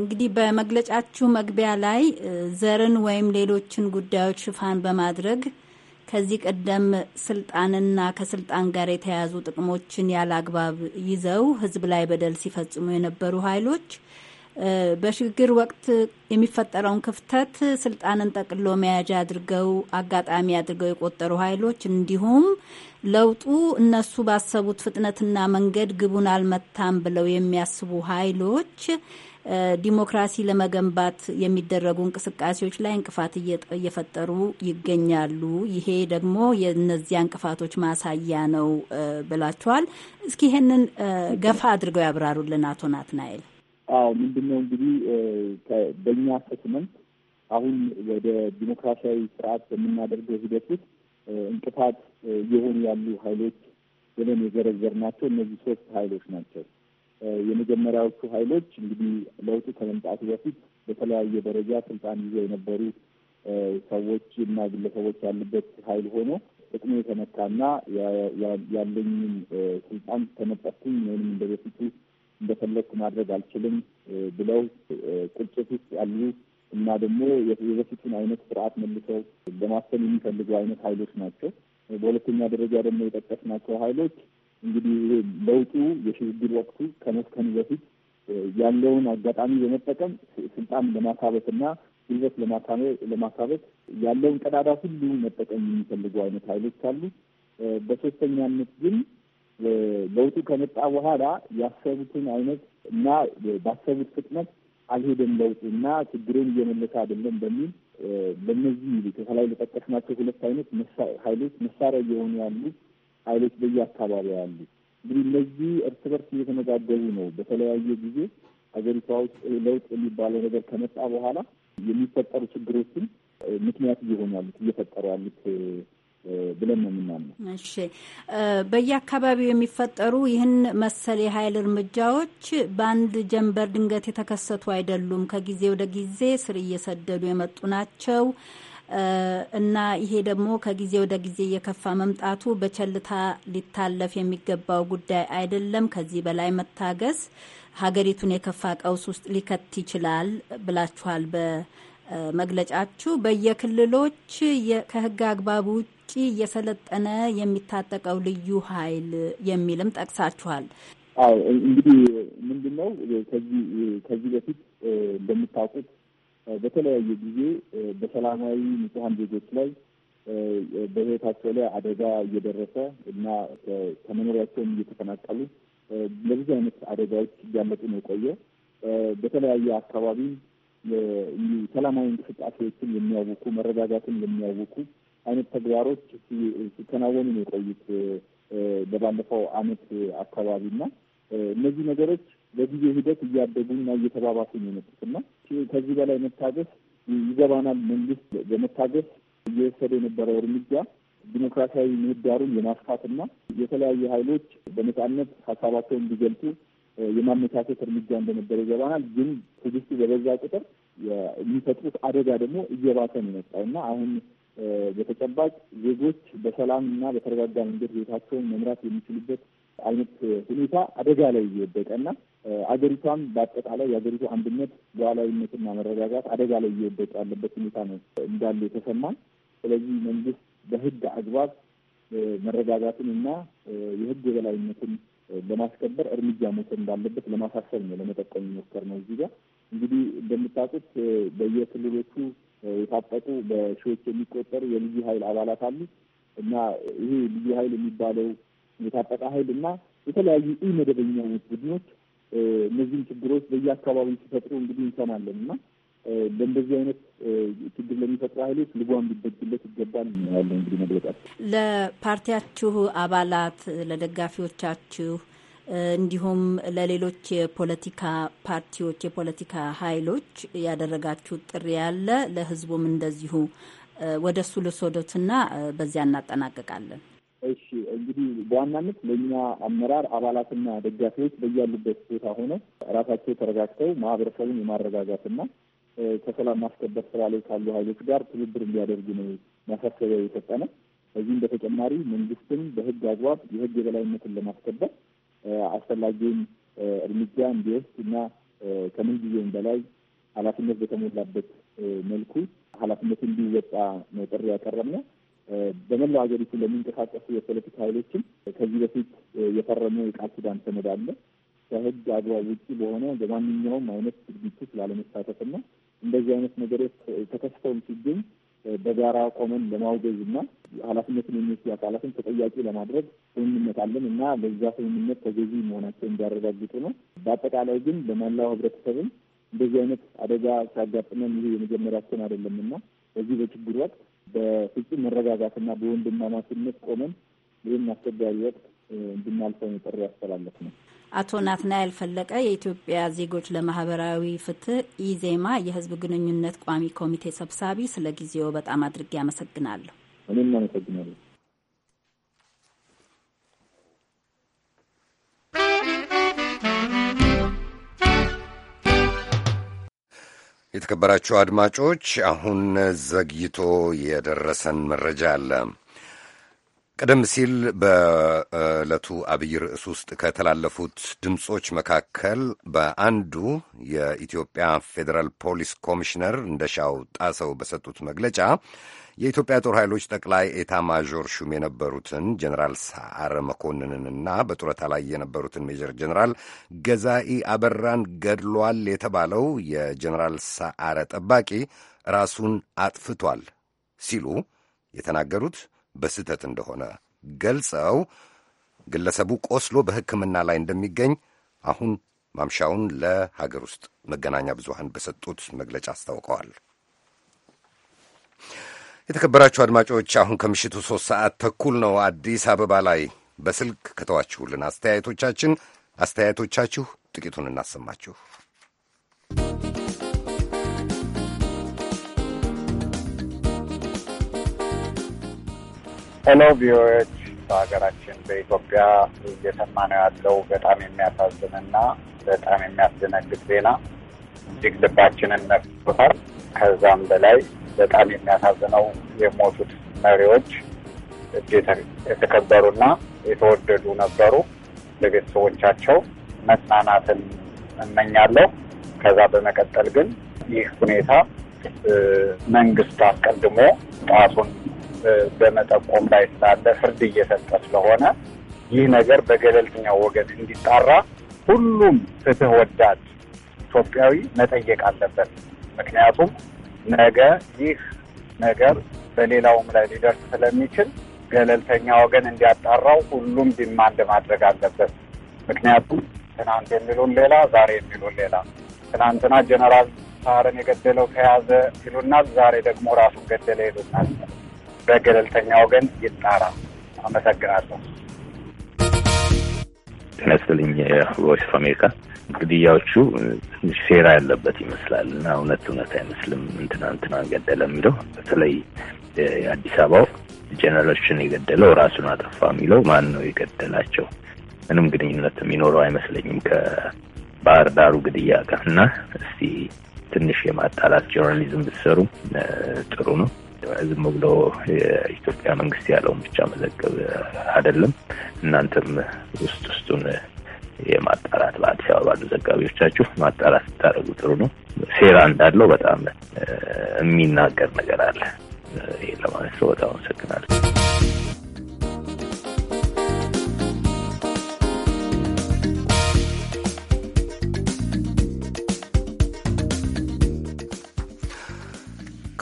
እንግዲህ በመግለጫችሁ መግቢያ ላይ ዘርን ወይም ሌሎችን ጉዳዮች ሽፋን በማድረግ ከዚህ ቀደም ስልጣንና ከስልጣን ጋር የተያያዙ ጥቅሞችን ያለ አግባብ ይዘው ሕዝብ ላይ በደል ሲፈጽሙ የነበሩ ኃይሎች በሽግግር ወቅት የሚፈጠረውን ክፍተት ስልጣንን ጠቅሎ መያዣ አድርገው አጋጣሚ አድርገው የቆጠሩ ኃይሎች እንዲሁም ለውጡ እነሱ ባሰቡት ፍጥነትና መንገድ ግቡን አልመታም ብለው የሚያስቡ ኃይሎች ዲሞክራሲ ለመገንባት የሚደረጉ እንቅስቃሴዎች ላይ እንቅፋት እየፈጠሩ ይገኛሉ። ይሄ ደግሞ የእነዚያ እንቅፋቶች ማሳያ ነው ብላችኋል። እስኪ ይህንን ገፋ አድርገው ያብራሩልን አቶ ናትናኤል። አዎ ምንድን ነው እንግዲህ በእኛ አሰስመንት አሁን ወደ ዲሞክራሲያዊ ስርዓት በምናደርገው ሂደት ውስጥ እንቅፋት እየሆኑ ያሉ ኃይሎች ብለን ናቸው እነዚህ ሶስት ኃይሎች ናቸው። የመጀመሪያዎቹ ኃይሎች እንግዲህ ለውጡ ከመምጣቱ በፊት በተለያየ ደረጃ ስልጣን ይዘው የነበሩ ሰዎች እና ግለሰቦች ያሉበት ኃይል ሆኖ ጥቅሙ የተመታና ያለኝን ስልጣን ተነጠቅኩኝ ወይም እንደ በፊቱ እንደፈለግኩ ማድረግ አልችልም ብለው ቁጭት ውስጥ ያሉ እና ደግሞ የበፊቱን አይነት ስርዓት መልሰው ለማሰብ የሚፈልጉ አይነት ሀይሎች ናቸው። በሁለተኛ ደረጃ ደግሞ የጠቀስናቸው ሀይሎች እንግዲህ ለውጡ የሽግግር ወቅቱ ከመስከኑ በፊት ያለውን አጋጣሚ በመጠቀም ስልጣን እና ጉልበት ለማካበት ያለውን ቀዳዳ ሁሉ መጠቀም የሚፈልጉ አይነት ሀይሎች አሉ። በሶስተኛነት ግን ለውጡ ከመጣ በኋላ ያሰቡትን አይነት እና ባሰቡት ፍጥነት አልሄደም ለውጡ እና ችግሩን እየመለሰ አይደለም በሚል ለእነዚህ ከላይ ለጠቀስናቸው ሁለት አይነት ኃይሎች መሳሪያ እየሆኑ ያሉ ኃይሎች በየአካባቢ ያሉ እንግዲህ እነዚህ እርስ በርስ እየተመጋገቡ ነው። በተለያየ ጊዜ ሀገሪቷ ውስጥ ለውጥ የሚባለው ነገር ከመጣ በኋላ የሚፈጠሩ ችግሮችን ምክንያት እየሆኑ ያሉት እየፈጠሩ ያሉት ብለን ነው የምናምነው። እሺ፣ በየአካባቢው የሚፈጠሩ ይህን መሰል የኃይል እርምጃዎች በአንድ ጀንበር ድንገት የተከሰቱ አይደሉም። ከጊዜ ወደ ጊዜ ስር እየሰደዱ የመጡ ናቸው እና ይሄ ደግሞ ከጊዜ ወደ ጊዜ እየከፋ መምጣቱ በቸልታ ሊታለፍ የሚገባው ጉዳይ አይደለም። ከዚህ በላይ መታገስ ሀገሪቱን የከፋ ቀውስ ውስጥ ሊከት ይችላል ብላችኋል በመግለጫችሁ። በየክልሎች ከህግ አግባብ ውጪ እየሰለጠነ የሚታጠቀው ልዩ ኃይል የሚልም ጠቅሳችኋል። እንግዲህ ምንድን ነው ከዚህ በፊት እንደምታውቁት በተለያየ ጊዜ በሰላማዊ ንጹሐን ዜጎች ላይ በህይወታቸው ላይ አደጋ እየደረሰ እና ከመኖሪያቸውም እየተፈናቀሉ ለብዙ አይነት አደጋዎች እያመጡ ነው የቆየ በተለያየ አካባቢ ሰላማዊ እንቅስቃሴዎችን የሚያውኩ መረጋጋትን የሚያውኩ አይነት ተግባሮች ሲከናወኑ ነው የቆዩት በባለፈው አመት አካባቢ እና እነዚህ ነገሮች በጊዜ ሂደት እያደጉና እየተባባሱ ነው የመጡት እና ከዚህ በላይ መታገስ ይገባናል። መንግስት በመታገስ እየወሰደ የነበረው እርምጃ ዲሞክራሲያዊ ምህዳሩን የማስፋትና የተለያዩ ኃይሎች በነጻነት ሀሳባቸውን እንዲገልጡ የማመቻቸት እርምጃ እንደነበረ ይገባናል። ግን ትዕግስቱ በበዛ ቁጥር የሚፈጥሩት አደጋ ደግሞ እየባሰ ነው የመጣው እና አሁን በተጨባጭ ዜጎች በሰላም እና በተረጋጋ መንገድ ህይወታቸውን መምራት የሚችሉበት አይነት ሁኔታ አደጋ ላይ እየወደቀ እና አገሪቷም በአጠቃላይ የአገሪቱ አንድነት፣ ሉዓላዊነትና መረጋጋት አደጋ ላይ እየወደቀ ያለበት ሁኔታ ነው እንዳለ የተሰማን። ስለዚህ መንግስት በህግ አግባብ መረጋጋትን እና የህግ የበላይነትን ለማስከበር እርምጃ መውሰድ እንዳለበት ለማሳሰብ ነው ለመጠቀም የሚሞከር ነው። እዚህ ጋር እንግዲህ እንደምታውቁት በየክልሎቹ የታጠቁ በሺዎች የሚቆጠሩ የልዩ ኃይል አባላት አሉ እና ይሄ ልዩ ኃይል የሚባለው የታጠቀ ኃይል እና የተለያዩ ኢ መደበኛ አይነት ቡድኖች እነዚህም ችግሮች በየአካባቢው ሲፈጥሩ እንግዲህ እንሰማለን እና በእንደዚህ አይነት ችግር ለሚፈጥሩ ኃይሎች ልጓም ሊበጅለት ይገባል ያለ እንግዲህ መግለጫ ለፓርቲያችሁ አባላት ለደጋፊዎቻችሁ እንዲሁም ለሌሎች የፖለቲካ ፓርቲዎች፣ የፖለቲካ ኃይሎች ያደረጋችሁ ጥሪ ያለ ለህዝቡም እንደዚሁ ወደ እሱ ልስወዶትና በዚያ እናጠናቅቃለን። እሺ እንግዲህ በዋናነት ለእኛ አመራር አባላትና ደጋፊዎች በያሉበት ቦታ ሆነው ራሳቸው ተረጋግተው ማህበረሰቡን የማረጋጋትና ከሰላም ማስከበር ስራ ላይ ካሉ ኃይሎች ጋር ትብብር እንዲያደርጉ ነው ማሳሰቢያ የሰጠነው። ከዚህም በተጨማሪ መንግስትም በህግ አግባብ የህግ የበላይነትን ለማስከበር አስፈላጊውን እርምጃ እንዲወስድ እና ከምን ጊዜም በላይ ኃላፊነት በተሞላበት መልኩ ኃላፊነት እንዲወጣ ነው ጥሪ ያቀረብነው። በመላው ሀገሪቱ ለሚንቀሳቀሱ የፖለቲካ ኃይሎችም ከዚህ በፊት የፈረመ የቃል ኪዳን ሰነድ አለ። ከህግ አግባብ ውጭ በሆነ በማንኛውም አይነት ድርጊት ውስጥ እንደዚህ አይነት ነገሮች ተከስተውም ሲገኝ በጋራ ቆመን ለማውገዝ እና ኃላፊነትን የሚወስዱ አካላትን ተጠያቂ ለማድረግ ስምምነት አለን እና ለዛ ስምምነት ተገዢ መሆናቸው እንዲያረጋግጡ ነው። በአጠቃላይ ግን በመላው ህብረተሰብም እንደዚህ አይነት አደጋ ሲያጋጥመን ይሄ የመጀመሪያችን አይደለም እና በዚህ በችግር ወቅት በፍጹም መረጋጋትና በወንድማማችነት ቆመን ይህን አስቸጋሪ ወቅት እንድናልፈው ጥሪ ያስተላለፍ ነው። አቶ ናትናኤል ፈለቀ የኢትዮጵያ ዜጎች ለማህበራዊ ፍትህ ኢዜማ የህዝብ ግንኙነት ቋሚ ኮሚቴ ሰብሳቢ፣ ስለ ጊዜው በጣም አድርጌ አመሰግናለሁ። እኔም አመሰግናለሁ። የተከበራቸው አድማጮች፣ አሁን ዘግይቶ የደረሰን መረጃ አለ። ቀደም ሲል በዕለቱ አብይ ርዕስ ውስጥ ከተላለፉት ድምፆች መካከል በአንዱ የኢትዮጵያ ፌዴራል ፖሊስ ኮሚሽነር እንደሻው ጣሰው በሰጡት መግለጫ የኢትዮጵያ ጦር ኃይሎች ጠቅላይ ኤታ ማዦር ሹም የነበሩትን ጀኔራል ሰዓረ መኮንንንና በጡረታ ላይ የነበሩትን ሜጀር ጀኔራል ገዛኢ አበራን ገድሏል የተባለው የጀኔራል ሰዓረ ጠባቂ ራሱን አጥፍቷል ሲሉ የተናገሩት በስህተት እንደሆነ ገልጸው ግለሰቡ ቆስሎ በሕክምና ላይ እንደሚገኝ አሁን ማምሻውን ለሀገር ውስጥ መገናኛ ብዙሃን በሰጡት መግለጫ አስታውቀዋል። የተከበራችሁ አድማጮች አሁን ከምሽቱ ሦስት ሰዓት ተኩል ነው። አዲስ አበባ ላይ በስልክ ከተዋችሁልን አስተያየቶቻችን አስተያየቶቻችሁ ጥቂቱን እናሰማችሁ። ሄሎ ቪኦኤዎች በሀገራችን በኢትዮጵያ እየሰማ ነው ያለው በጣም የሚያሳዝንና በጣም የሚያስደነግጥ ዜና እጅግ ልባችንን ነክቶታል። ከዛም በላይ በጣም የሚያሳዝነው የሞቱት መሪዎች የተከበሩና የተወደዱ ነበሩ። ለቤተሰቦቻቸው መጽናናትን እመኛለሁ። ከዛ በመቀጠል ግን ይህ ሁኔታ መንግስት አስቀድሞ ጣቱን በመጠቆም ላይ ስላለ ፍርድ እየሰጠ ስለሆነ ይህ ነገር በገለልተኛ ወገን እንዲጣራ ሁሉም ፍትህ ወዳድ ኢትዮጵያዊ መጠየቅ አለበት። ምክንያቱም ነገ ይህ ነገር በሌላውም ላይ ሊደርስ ስለሚችል ገለልተኛ ወገን እንዲያጣራው ሁሉም ዲማንድ ማድረግ አለበት። ምክንያቱም ትናንት የሚሉን ሌላ፣ ዛሬ የሚሉን ሌላ። ትናንትና ጀነራል ሳርን የገደለው ተያዘ ይሉናል፣ ዛሬ ደግሞ ራሱን ገደለ ይሉናል። በገለልተኛ ወገን ይጣራ። አመሰግናለሁ። ይመስልኝ ቮይስ ኦፍ አሜሪካ ግድያዎቹ ሴራ ያለበት ይመስላል እና እውነት እውነት አይመስልም። እንትና እንትና ገደለ የሚለው በተለይ የአዲስ አበባው ጀነራሎችን የገደለው ራሱን አጠፋ የሚለው ማን ነው የገደላቸው? ምንም ግንኙነት የሚኖረው አይመስለኝም ከባህር ዳሩ ግድያ ጋር እና እስቲ ትንሽ የማጣላት ጆርናሊዝም ብትሰሩ ጥሩ ነው። ዝም ብሎ የኢትዮጵያ መንግስት ያለውን ብቻ መዘገብ አይደለም። እናንተም ውስጥ ውስጡን የማጣራት በአዲስ አበባ ባሉ ዘጋቢዎቻችሁ ማጣራት ስታደርጉ ጥሩ ነው። ሴራ እንዳለው በጣም የሚናገር ነገር አለ። ይህን ለማለት ሰው በጣም አመሰግናለሁ።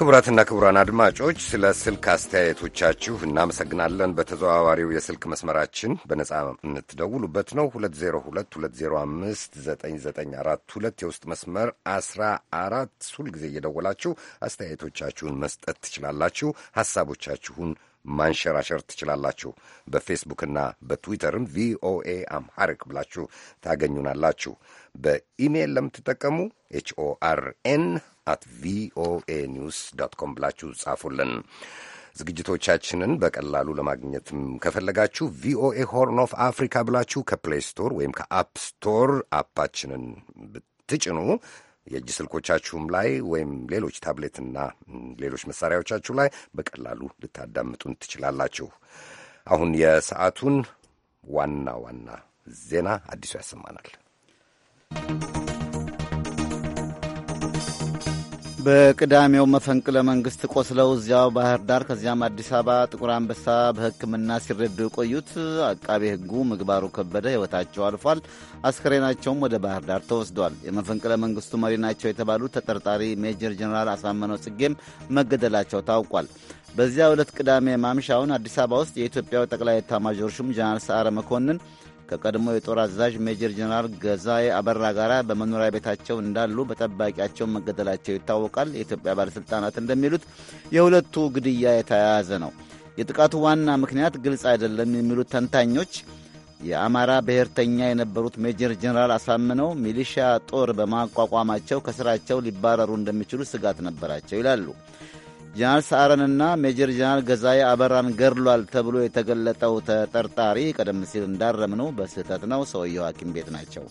ክቡራትና ክቡራን አድማጮች ስለ ስልክ አስተያየቶቻችሁ እናመሰግናለን። በተዘዋዋሪው የስልክ መስመራችን በነጻ የምትደውሉበት ነው 2022059942 የውስጥ መስመር 14 ሁልጊዜ እየደወላችሁ አስተያየቶቻችሁን መስጠት ትችላላችሁ። ሐሳቦቻችሁን ማንሸራሸር ትችላላችሁ። በፌስቡክና በትዊተርም ቪኦኤ አምሐሪክ ብላችሁ ታገኙናላችሁ። በኢሜይል ለምትጠቀሙ ኤችኦአርኤን አት ቪኦኤ ኒውስ ዶት ኮም ብላችሁ ጻፉልን። ዝግጅቶቻችንን በቀላሉ ለማግኘትም ከፈለጋችሁ ቪኦኤ ሆርን ኦፍ አፍሪካ ብላችሁ ከፕሌይ ስቶር ወይም ከአፕ ስቶር አፓችንን ብትጭኑ የእጅ ስልኮቻችሁም ላይ ወይም ሌሎች ታብሌትና ሌሎች መሳሪያዎቻችሁ ላይ በቀላሉ ልታዳምጡን ትችላላችሁ። አሁን የሰዓቱን ዋና ዋና ዜና አዲሱ ያሰማናል። በቅዳሜው መፈንቅለ መንግስት ቆስለው እዚያው ባህር ዳር ከዚያም አዲስ አበባ ጥቁር አንበሳ በሕክምና ሲረዱ የቆዩት አቃቤ ሕጉ ምግባሩ ከበደ ሕይወታቸው አልፏል። አስከሬናቸውም ወደ ባህር ዳር ተወስዷል። የመፈንቅለ መንግስቱ መሪ ናቸው የተባሉ ተጠርጣሪ ሜጀር ጀኔራል አሳመነው ጽጌም መገደላቸው ታውቋል። በዚያ ዕለት ቅዳሜ ማምሻውን አዲስ አበባ ውስጥ የኢትዮጵያው ጠቅላይ ኤታማዦር ሹም ጀነራል ሰዓረ መኮንን ከቀድሞ የጦር አዛዥ ሜጀር ጀነራል ገዛኤ አበራ ጋር በመኖሪያ ቤታቸው እንዳሉ በጠባቂያቸው መገደላቸው ይታወቃል። የኢትዮጵያ ባለሥልጣናት እንደሚሉት የሁለቱ ግድያ የተያያዘ ነው። የጥቃቱ ዋና ምክንያት ግልጽ አይደለም የሚሉት ተንታኞች የአማራ ብሔርተኛ የነበሩት ሜጀር ጀነራል አሳምነው ሚሊሻ ጦር በማቋቋማቸው ከስራቸው ሊባረሩ እንደሚችሉ ስጋት ነበራቸው ይላሉ። ጀነራል ሰዓረንና ሜጀር ጀነራል ገዛይ አበራን ገድሏል ተብሎ የተገለጠው ተጠርጣሪ ቀደም ሲል እንዳረምነው በስህተት ነው። ሰውየው ሐኪም ቤት ናቸው።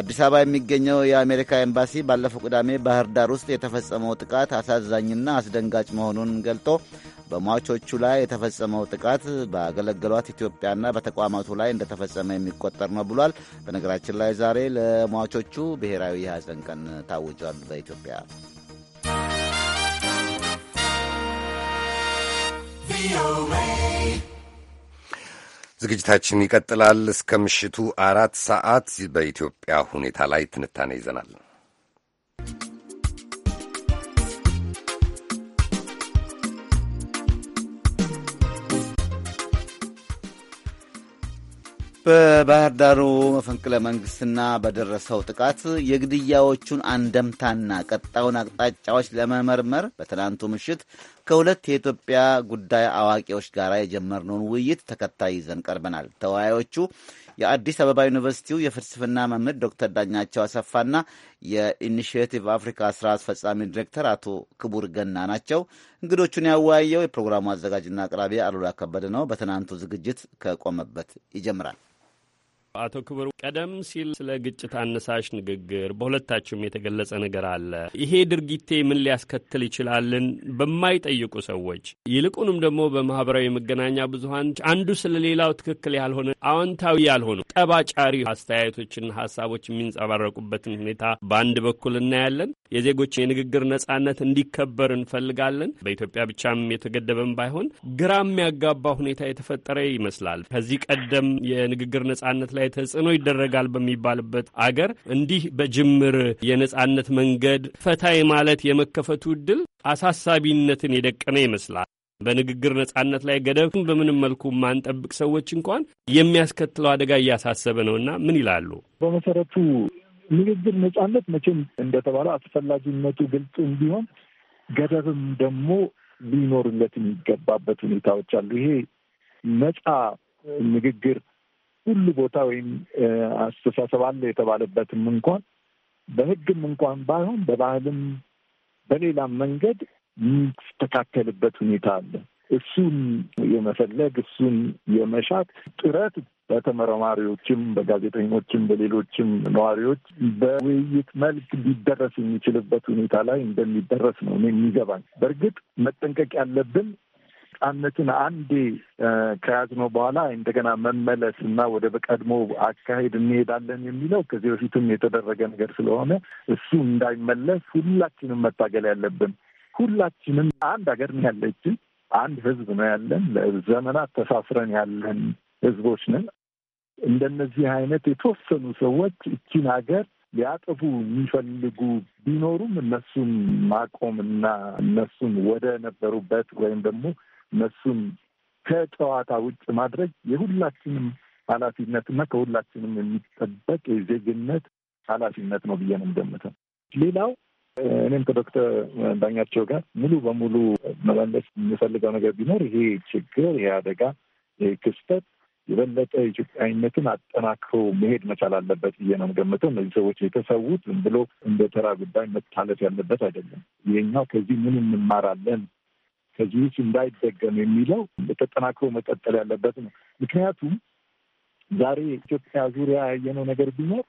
አዲስ አበባ የሚገኘው የአሜሪካ ኤምባሲ ባለፈው ቅዳሜ ባህር ዳር ውስጥ የተፈጸመው ጥቃት አሳዛኝና አስደንጋጭ መሆኑን ገልጦ በሟቾቹ ላይ የተፈጸመው ጥቃት በአገለገሏት ኢትዮጵያና በተቋማቱ ላይ እንደተፈጸመ የሚቆጠር ነው ብሏል። በነገራችን ላይ ዛሬ ለሟቾቹ ብሔራዊ የሐዘን ቀን ታውጇል በኢትዮጵያ። ዝግጅታችን ይቀጥላል። እስከ ምሽቱ አራት ሰዓት በኢትዮጵያ ሁኔታ ላይ ትንታኔ ይዘናል። በባህር ዳሩ መፈንቅለ መንግስትና በደረሰው ጥቃት የግድያዎቹን አንደምታና ቀጣዩን አቅጣጫዎች ለመመርመር በትናንቱ ምሽት ከሁለት የኢትዮጵያ ጉዳይ አዋቂዎች ጋር የጀመርነውን ውይይት ተከታይ ይዘን ቀርበናል። ተወያዮቹ የአዲስ አበባ ዩኒቨርሲቲው የፍልስፍና መምህር ዶክተር ዳኛቸው አሰፋና የኢኒሽቲቭ አፍሪካ ስራ አስፈጻሚ ዲሬክተር አቶ ክቡር ገና ናቸው። እንግዶቹን ያወያየው የፕሮግራሙ አዘጋጅና አቅራቢ አሉላ ከበደ ነው። በትናንቱ ዝግጅት ከቆመበት ይጀምራል። አቶ ክብሩ ቀደም ሲል ስለ ግጭት አነሳሽ ንግግር በሁለታችሁም የተገለጸ ነገር አለ። ይሄ ድርጊቴ ምን ሊያስከትል ይችላልን በማይጠይቁ ሰዎች ይልቁንም ደግሞ በማህበራዊ መገናኛ ብዙኃን አንዱ ስለ ሌላው ትክክል ያልሆነ አዎንታዊ ያልሆኑ ጠባጫሪ አስተያየቶችና ሀሳቦች የሚንጸባረቁበትን ሁኔታ በአንድ በኩል እናያለን። የዜጎች የንግግር ነጻነት እንዲከበር እንፈልጋለን። በኢትዮጵያ ብቻም የተገደበም ባይሆን ግራ የሚያጋባ ሁኔታ የተፈጠረ ይመስላል። ከዚህ ቀደም የንግግር ነጻነት ላይ አውሮፓዊ ተጽዕኖ ይደረጋል በሚባልበት አገር እንዲህ በጅምር የነጻነት መንገድ ፈታ ማለት የመከፈቱ ዕድል አሳሳቢነትን የደቀነ ይመስላል። በንግግር ነጻነት ላይ ገደብ በምንም መልኩ የማንጠብቅ ሰዎች እንኳን የሚያስከትለው አደጋ እያሳሰበ ነው እና ምን ይላሉ? በመሰረቱ ንግግር ነጻነት መቼም እንደተባለው አስፈላጊነቱ ግልጽ ቢሆን ገደብም ደግሞ ሊኖርለት የሚገባበት ሁኔታዎች አሉ። ይሄ ነጻ ንግግር ሁሉ ቦታ ወይም አስተሳሰብ አለ የተባለበትም እንኳን በህግም እንኳን ባይሆን በባህልም በሌላም መንገድ የሚስተካከልበት ሁኔታ አለ። እሱን የመፈለግ እሱን የመሻት ጥረት በተመራማሪዎችም፣ በጋዜጠኞችም፣ በሌሎችም ነዋሪዎች በውይይት መልክ ሊደረስ የሚችልበት ሁኔታ ላይ እንደሚደረስ ነው እኔ የሚገባኝ። በእርግጥ መጠንቀቅ ያለብን ነፃነትን አንዴ ከያዝነው በኋላ እንደገና መመለስ እና ወደ በቀድሞ አካሄድ እንሄዳለን የሚለው ከዚህ በፊትም የተደረገ ነገር ስለሆነ እሱ እንዳይመለስ ሁላችንም መታገል ያለብን ሁላችንም አንድ ሀገር ነው ያለችን፣ አንድ ህዝብ ነው ያለን፣ ለዘመናት ተሳስረን ያለን ህዝቦች ነን። እንደነዚህ አይነት የተወሰኑ ሰዎች እቺን ሀገር ሊያጠፉ የሚፈልጉ ቢኖሩም እነሱን ማቆም እና እነሱን ወደ ነበሩበት ወይም ደግሞ እነሱን ከጨዋታ ውጭ ማድረግ የሁላችንም ኃላፊነትና ከሁላችንም የሚጠበቅ የዜግነት ኃላፊነት ነው ብዬ ነው የምገምተው። ሌላው እኔም ከዶክተር ዳኛቸው ጋር ሙሉ በሙሉ መመለስ የምፈልገው ነገር ቢኖር ይሄ ችግር፣ ይሄ አደጋ፣ ይሄ ክስተት የበለጠ ኢትዮጵያዊነትን አጠናክሮ መሄድ መቻል አለበት ብዬ ነው የምገምተው። እነዚህ ሰዎች የተሰዉት ዝም ብሎ እንደ ተራ ጉዳይ መታለፍ ያለበት አይደለም። ይሄኛው ከዚህ ምን እንማራለን ከዚህ ውጭ እንዳይደገም የሚለው ተጠናክሮ መቀጠል ያለበት ነው። ምክንያቱም ዛሬ ኢትዮጵያ ዙሪያ ያየነው ነገር ቢኖር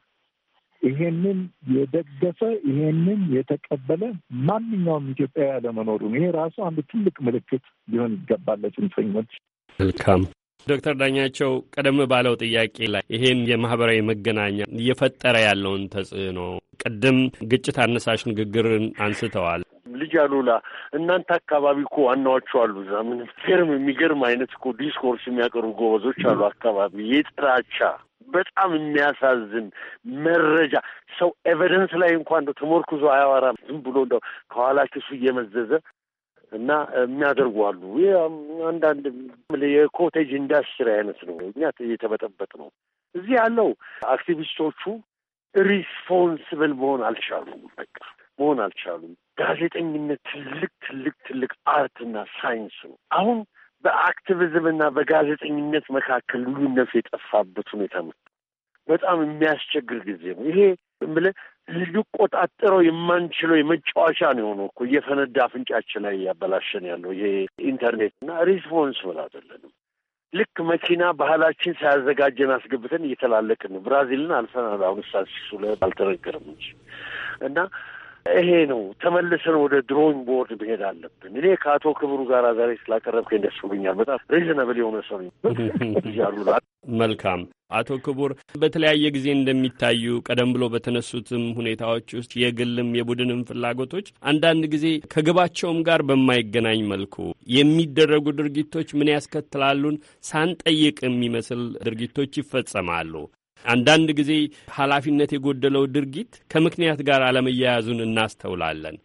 ይሄንን የደገፈ ይሄንን የተቀበለ ማንኛውም ኢትዮጵያዊ ያለመኖሩ ነው። ይሄ ራሱ አንድ ትልቅ ምልክት ሊሆን ይገባል ለጽንፈኞች። መልካም ዶክተር ዳኛቸው ቀደም ባለው ጥያቄ ላይ ይሄን የማህበራዊ መገናኛ እየፈጠረ ያለውን ተጽዕኖ ቅድም ግጭት አነሳሽ ንግግርን አንስተዋል። ልጅ አሉላ እናንተ አካባቢ እኮ ዋናዎቹ አሉ። እዛ ምን ገርም የሚገርም አይነት እኮ ዲስኮርስ የሚያቀርቡ ጎበዞች አሉ። አካባቢ የጥራቻ በጣም የሚያሳዝን መረጃ ሰው ኤቪደንስ ላይ እንኳን እንደው ተሞርክዞ አያወራም። ዝም ብሎ እንደው ከኋላ ኪሱ እየመዘዘ እና የሚያደርጉ አሉ። አንዳንድ የኮቴጅ ኢንዳስትሪ አይነት ነው። እኛ እየተበጠበጥ ነው እዚህ ያለው አክቲቪስቶቹ ሪስፖንስብል መሆን አልቻሉም። በቃ መሆን አልቻሉም። ጋዜጠኝነት ትልቅ ትልቅ ትልቅ አርትና ሳይንስ ነው። አሁን በአክቲቪዝም በአክቲቪዝምና በጋዜጠኝነት መካከል ልዩነቱ የጠፋበት ሁኔታ ነው። በጣም የሚያስቸግር ጊዜ ነው ይሄ ብለህ ልቆጣጠረው የማንችለው የመጫወቻ ነው የሆነው እኮ እየፈነዳ አፍንጫችን ላይ እያበላሸን ያለው ይሄ ኢንተርኔት እና ሪስፖንስብል አይደለንም። ልክ መኪና ባህላችን ሳያዘጋጀን አስገብተን እየተላለቅን ነው። ብራዚልን አልፈናል። አሁን ሳሲሱ ላይ አልተነገረም እንጂ እና ይሄ ነው። ተመልሰን ወደ ድሮይንግ ቦርድ መሄድ አለብን። እኔ ከአቶ ክብሩ ጋር ዛሬ ስላቀረብከኝ ደስ ብሎኛል። በጣም ሪዝናብል የሆነ ሰው እያሉ [laughs] መልካም አቶ ክቡር በተለያየ ጊዜ እንደሚታዩ ቀደም ብሎ በተነሱትም ሁኔታዎች ውስጥ የግልም የቡድንም ፍላጎቶች አንዳንድ ጊዜ ከግባቸውም ጋር በማይገናኝ መልኩ የሚደረጉ ድርጊቶች ምን ያስከትላሉን ሳንጠይቅ የሚመስል ድርጊቶች ይፈጸማሉ። አንዳንድ ጊዜ ኃላፊነት የጎደለው ድርጊት ከምክንያት ጋር አለመያያዙን እናስተውላለን።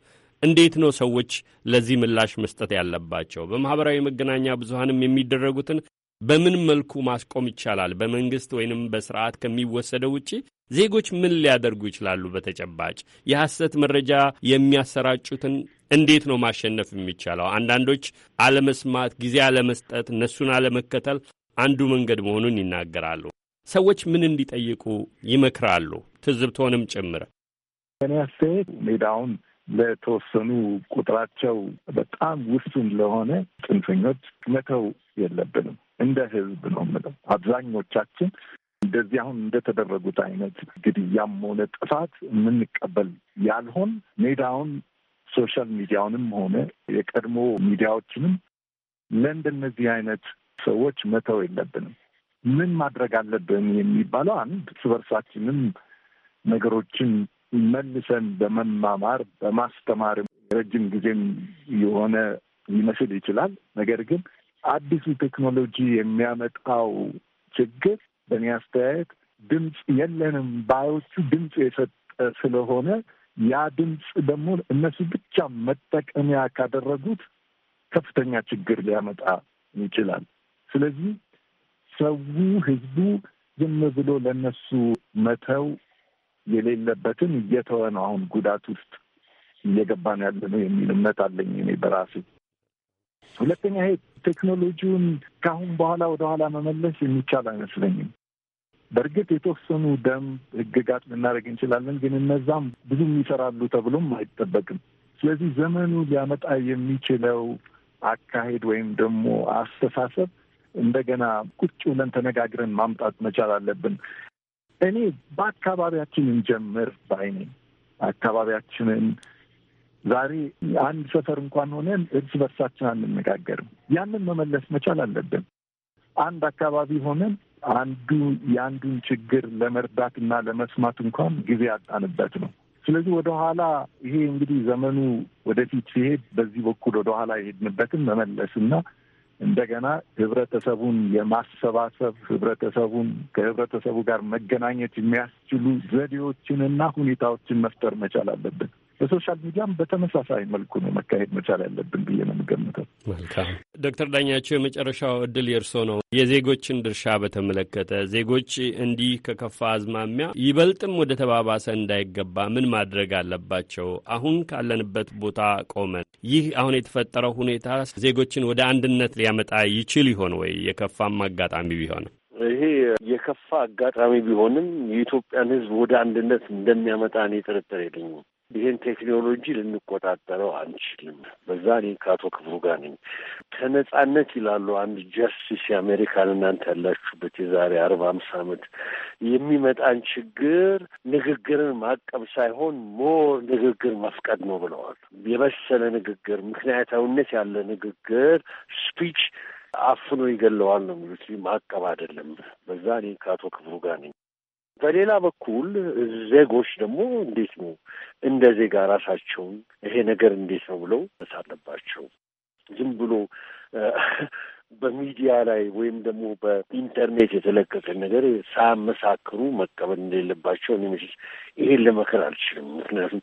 እንዴት ነው ሰዎች ለዚህ ምላሽ መስጠት ያለባቸው? በማኅበራዊ መገናኛ ብዙሃንም የሚደረጉትን በምን መልኩ ማስቆም ይቻላል? በመንግሥት ወይንም በስርዓት ከሚወሰደው ውጪ ዜጎች ምን ሊያደርጉ ይችላሉ? በተጨባጭ የሐሰት መረጃ የሚያሰራጩትን እንዴት ነው ማሸነፍ የሚቻለው? አንዳንዶች አለመስማት፣ ጊዜ አለመስጠት፣ እነሱን አለመከተል አንዱ መንገድ መሆኑን ይናገራሉ። ሰዎች ምን እንዲጠይቁ ይመክራሉ? ትዝብቶንም ጭምር እኔ አስተያየት ሜዳውን ለተወሰኑ ቁጥራቸው በጣም ውሱን ለሆነ ጽንፈኞች መተው የለብንም። እንደ ህዝብ ነው የምለው። አብዛኞቻችን እንደዚህ አሁን እንደተደረጉት አይነት ግድያም ሆነ ጥፋት የምንቀበል ያልሆን ሜዳውን ሶሻል ሚዲያውንም ሆነ የቀድሞ ሚዲያዎችንም ለእንደነዚህ አይነት ሰዎች መተው የለብንም። ምን ማድረግ አለብን የሚባለው አንድ ስበርሳችንም ነገሮችን መልሰን በመማማር በማስተማር ረጅም ጊዜም የሆነ ሊመስል ይችላል። ነገር ግን አዲሱ ቴክኖሎጂ የሚያመጣው ችግር በእኔ አስተያየት ድምፅ የለንም ባዮቹ ድምፅ የሰጠ ስለሆነ ያ ድምፅ ደግሞ እነሱ ብቻ መጠቀሚያ ካደረጉት ከፍተኛ ችግር ሊያመጣ ይችላል። ስለዚህ ሰው ህዝቡ ዝም ብሎ ለነሱ መተው የሌለበትን እየተወ ነው አሁን ጉዳት ውስጥ እየገባ ነው ያለ ነው የሚል እምነት አለኝ እኔ በራሴ። ሁለተኛ ይሄ ቴክኖሎጂውን ከአሁን በኋላ ወደኋላ መመለስ የሚቻል አይመስለኝም። በእርግጥ የተወሰኑ ደንብ ህግጋት ልናደርግ እንችላለን፣ ግን እነዛም ብዙም ይሰራሉ ተብሎም አይጠበቅም። ስለዚህ ዘመኑ ሊያመጣ የሚችለው አካሄድ ወይም ደግሞ አስተሳሰብ እንደገና ቁጭ ብለን ተነጋግረን ማምጣት መቻል አለብን። እኔ በአካባቢያችን እንጀምር ባይኔ አካባቢያችንን ዛሬ አንድ ሰፈር እንኳን ሆነን እርስ በርሳችን አንነጋገርም። ያንን መመለስ መቻል አለብን። አንድ አካባቢ ሆነን አንዱ የአንዱን ችግር ለመርዳት እና ለመስማት እንኳን ጊዜ ያጣንበት ነው። ስለዚህ ወደኋላ ይሄ እንግዲህ ዘመኑ ወደፊት ሲሄድ በዚህ በኩል ወደኋላ የሄድንበትን መመለስና እንደገና ህብረተሰቡን የማሰባሰብ ህብረተሰቡን ከህብረተሰቡ ጋር መገናኘት የሚያስችሉ ዘዴዎችንና ሁኔታዎችን መፍጠር መቻል አለብን። በሶሻል ሚዲያም በተመሳሳይ መልኩ ነው መካሄድ መቻል ያለብን ብዬ ነው የምገምተው። መልካም ዶክተር ዳኛቸው የመጨረሻው እድል የእርሶ ነው። የዜጎችን ድርሻ በተመለከተ ዜጎች እንዲህ ከከፋ አዝማሚያ ይበልጥም ወደ ተባባሰ እንዳይገባ ምን ማድረግ አለባቸው? አሁን ካለንበት ቦታ ቆመን ይህ አሁን የተፈጠረው ሁኔታ ዜጎችን ወደ አንድነት ሊያመጣ ይችል ይሆን ወይ? የከፋም አጋጣሚ ቢሆን ይሄ የከፋ አጋጣሚ ቢሆንም የኢትዮጵያን ሕዝብ ወደ አንድነት እንደሚያመጣ እኔ ጥርጥር የለኝም። ይህን ቴክኖሎጂ ልንቆጣጠረው አንችልም። በዛ እኔ ከአቶ ክፍሉ ጋር ነኝ። ከነጻነት ይላሉ አንድ ጀስቲስ የአሜሪካን እናንተ ያላችሁበት የዛሬ አርባ አምስት ዓመት የሚመጣን ችግር ንግግርን ማቀብ ሳይሆን ሞር ንግግር መፍቀድ ነው ብለዋል። የበሰለ ንግግር፣ ምክንያታዊነት ያለ ንግግር ስፒች አፍኖ ይገለዋል ነው የሚሉት። ማቀብ አይደለም። በዛ እኔ ከአቶ ክፍሉ ጋር ነኝ። በሌላ በኩል ዜጎች ደግሞ እንዴት ነው እንደ ዜጋ ራሳቸውን ይሄ ነገር እንዴት ነው ብለው መሳለባቸው ዝም ብሎ በሚዲያ ላይ ወይም ደግሞ በኢንተርኔት የተለቀቀ ነገር ሳያመሳክሩ መቀበል እንደሌለባቸው እኔ መቼስ ይሄን ለመከር አልችልም። ምክንያቱም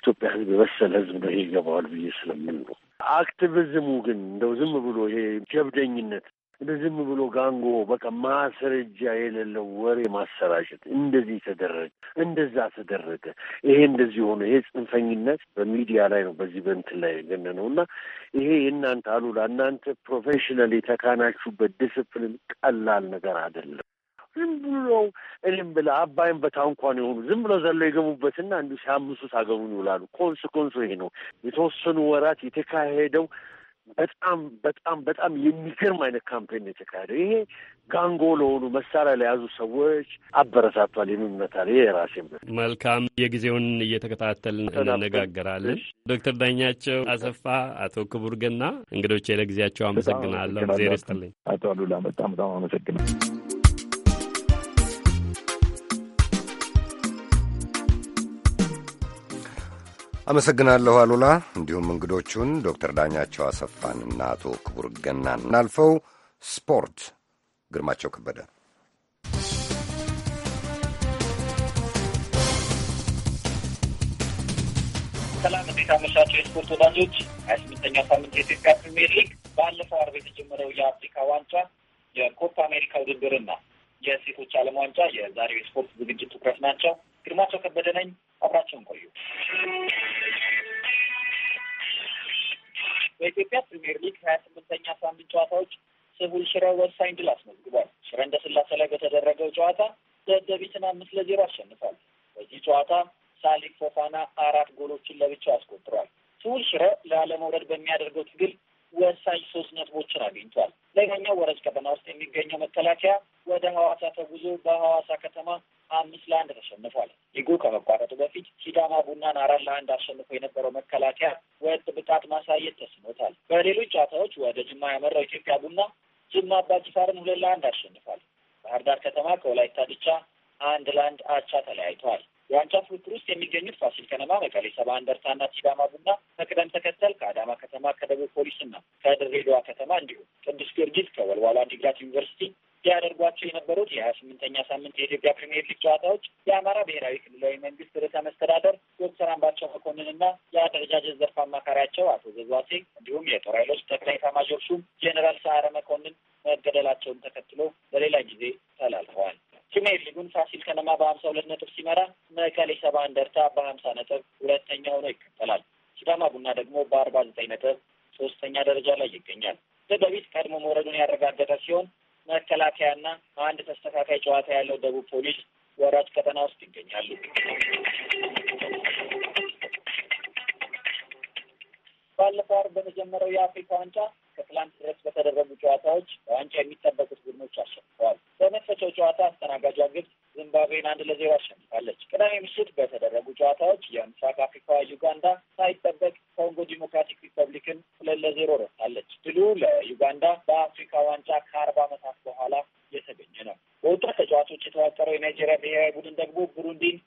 ኢትዮጵያ ሕዝብ የበሰለ ሕዝብ ነው፣ ይሄ ይገባዋል ብዬ ስለምን ነው። አክቲቪዝሙ ግን እንደው ዝም ብሎ ይሄ ጀብደኝነት እንደ ዝም ብሎ ጋንጎ በቃ ማስረጃ የሌለው ወሬ ማሰራጨት፣ እንደዚህ ተደረገ፣ እንደዛ ተደረገ፣ ይሄ እንደዚህ ሆነ፣ ይሄ ጽንፈኝነት በሚዲያ ላይ ነው በዚህ በንትን ላይ ገነ ነው እና ይሄ የእናንተ አሉላ እናንተ ፕሮፌሽናል የተካናችሁበት ዲስፕሊን ቀላል ነገር አይደለም። ዝም ብሎ እኔም ብለ አባይም በታንኳን የሆኑ ዝም ብሎ ዘለው የገቡበትና እንዲሁ ሲያምሱ አገቡን ይውላሉ። ኮንስ ኮንሶ ይሄ ነው የተወሰኑ ወራት የተካሄደው በጣም በጣም በጣም የሚገርም አይነት ካምፔን የተካሄደው ይሄ ጋንጎ ለሆኑ መሳሪያ ለያዙ ሰዎች አበረታቷል የሚመታል ይሄ የራሴ መልካም የጊዜውን እየተከታተልን እንነጋገራለን። ዶክተር ዳኛቸው አሰፋ፣ አቶ ክቡር ገና እንግዶቼ ለጊዜያቸው አመሰግናለሁ። ጊዜ ርስትልኝ አቶ አሉላ በጣም በጣም አመሰግናለሁ። አመሰግናለሁ አሉላ። እንዲሁም እንግዶቹን ዶክተር ዳኛቸው አሰፋንና አቶ ክቡር ገና እናልፈው። ስፖርት ግርማቸው ከበደ ሰላም እንዴት አመሻቸው የስፖርት ወዳጆች። ሀያ ስምንተኛው ሳምንት የኢትዮጵያ ፕሪሚየር ሊግ ባለፈው አርብ የተጀመረው የአፍሪካ ዋንጫ የኮፓ አሜሪካ ውድድርና የሴቶች አለም ዋንጫ የዛሬው የስፖርት ዝግጅት ትኩረት ናቸው። ግርማቸው ከበደ ነኝ። አብራቸውን ቆዩ። በኢትዮጵያ ፕሪምየር ሊግ ሀያ ስምንተኛ ሳምንት ጨዋታዎች ስቡል ሽረ ወሳኝ ድል አስመዝግቧል። ሽረ እንደ ስላሴ ላይ በተደረገው ጨዋታ ደደቢትን አምስት ለዜሮ አሸንፏል። በዚህ ጨዋታ ሳሊክ ፎፋና አራት ጎሎችን ለብቻው አስቆጥሯል። ስሁል ሽረ ለአለመውረድ በሚያደርገው ትግል ወሳኝ ሶስት ነጥቦችን አግኝቷል። ሌላኛው ወረጅ ከተማ ውስጥ የሚገኘው መከላከያ ወደ ሐዋሳ ተጉዞ በሐዋሳ ከተማ አምስት ለአንድ ተሸንፏል። ሊጉ ከመቋረጡ በፊት ሲዳማ ቡናን አራት ለአንድ አሸንፎ የነበረው መከላከያ ወጥ ብቃት ማሳየት ተስኖታል። በሌሎች ጨዋታዎች ወደ ጅማ ያመራው ኢትዮጵያ ቡና ጅማ አባጅፋርን ሁለት ለአንድ አሸንፏል። ባህር ዳር ከተማ ከወላይታ ድቻ አንድ ለአንድ አቻ ተለያይተዋል። የዋንጫ ፉክክር ውስጥ የሚገኙት ፋሲል ከነማ፣ መቀሌ ሰባ እንደርታና ሲዳማ ቡና በቅደም ተከተል ከአዳማ ከተማ ከደቡብ ፖሊስና ከድሬዳዋ ከተማ እንዲሁም ቅዱስ ጊዮርጊስ ከወልዋሎ ዓዲግራት ዩኒቨርሲቲ ሲያደርጓቸው የነበሩት የሀያ ስምንተኛ ሳምንት የኢትዮጵያ ፕሪሚየር ሊግ ጨዋታዎች የአማራ ብሔራዊ ክልላዊ መንግስት ርዕሰ መስተዳደር ዶክተር አምባቸው መኮንንና የአደረጃጀት ዘርፍ አማካሪያቸው አቶ ዘዟሴ እንዲሁም የጦር ኃይሎች ጠቅላይ ኤታማዦር ሹም ጄኔራል ሰዓረ መኮንን መገደላቸውን ተከትሎ በሌላ ጊዜ ተላልፈዋል። ፕሪሚየር ሊጉን ፋሲል ከነማ በሀምሳ ሁለት ነጥብ ሲመራ መቀሌ ሰባ እንደርታ በሀምሳ ነጥብ ሁለተኛ ሆኖ ይከተላል። ሲዳማ ቡና ደግሞ በአርባ ዘጠኝ ነጥብ ሶስተኛ ደረጃ ላይ ይገኛል። ደደቢት ቀድሞ መውረዱን ያረጋገጠ ሲሆን መከላከያና አንድ ተስተካካይ ጨዋታ ያለው ደቡብ ፖሊስ ወራጅ ቀጠና ውስጥ ይገኛሉ። ባለፈው አርብ በመጀመሪያው የአፍሪካ ዋንጫ ከትላንት ድረስ በተደረጉ ጨዋታዎች በዋንጫ የሚጠበቁት ቡድኖች አሸንፈዋል። በመክፈቻው ጨዋታ አስተናጋጇ ግብጽ ዚምባብዌን አንድ ለዜሮ አሸንፋለች። ቅዳሜ ምሽት በተደረጉ ጨዋታዎች የምስራቅ አፍሪካ ዩጋንዳ ሳይጠበቅ ኮንጎ ዲሞክራቲክ ሪፐብሊክን ሁለት ለዜሮ ረታለች። ድሉ ለዩጋንዳ በአፍሪካ ዋንጫ ከአርባ ዓመታት Burundin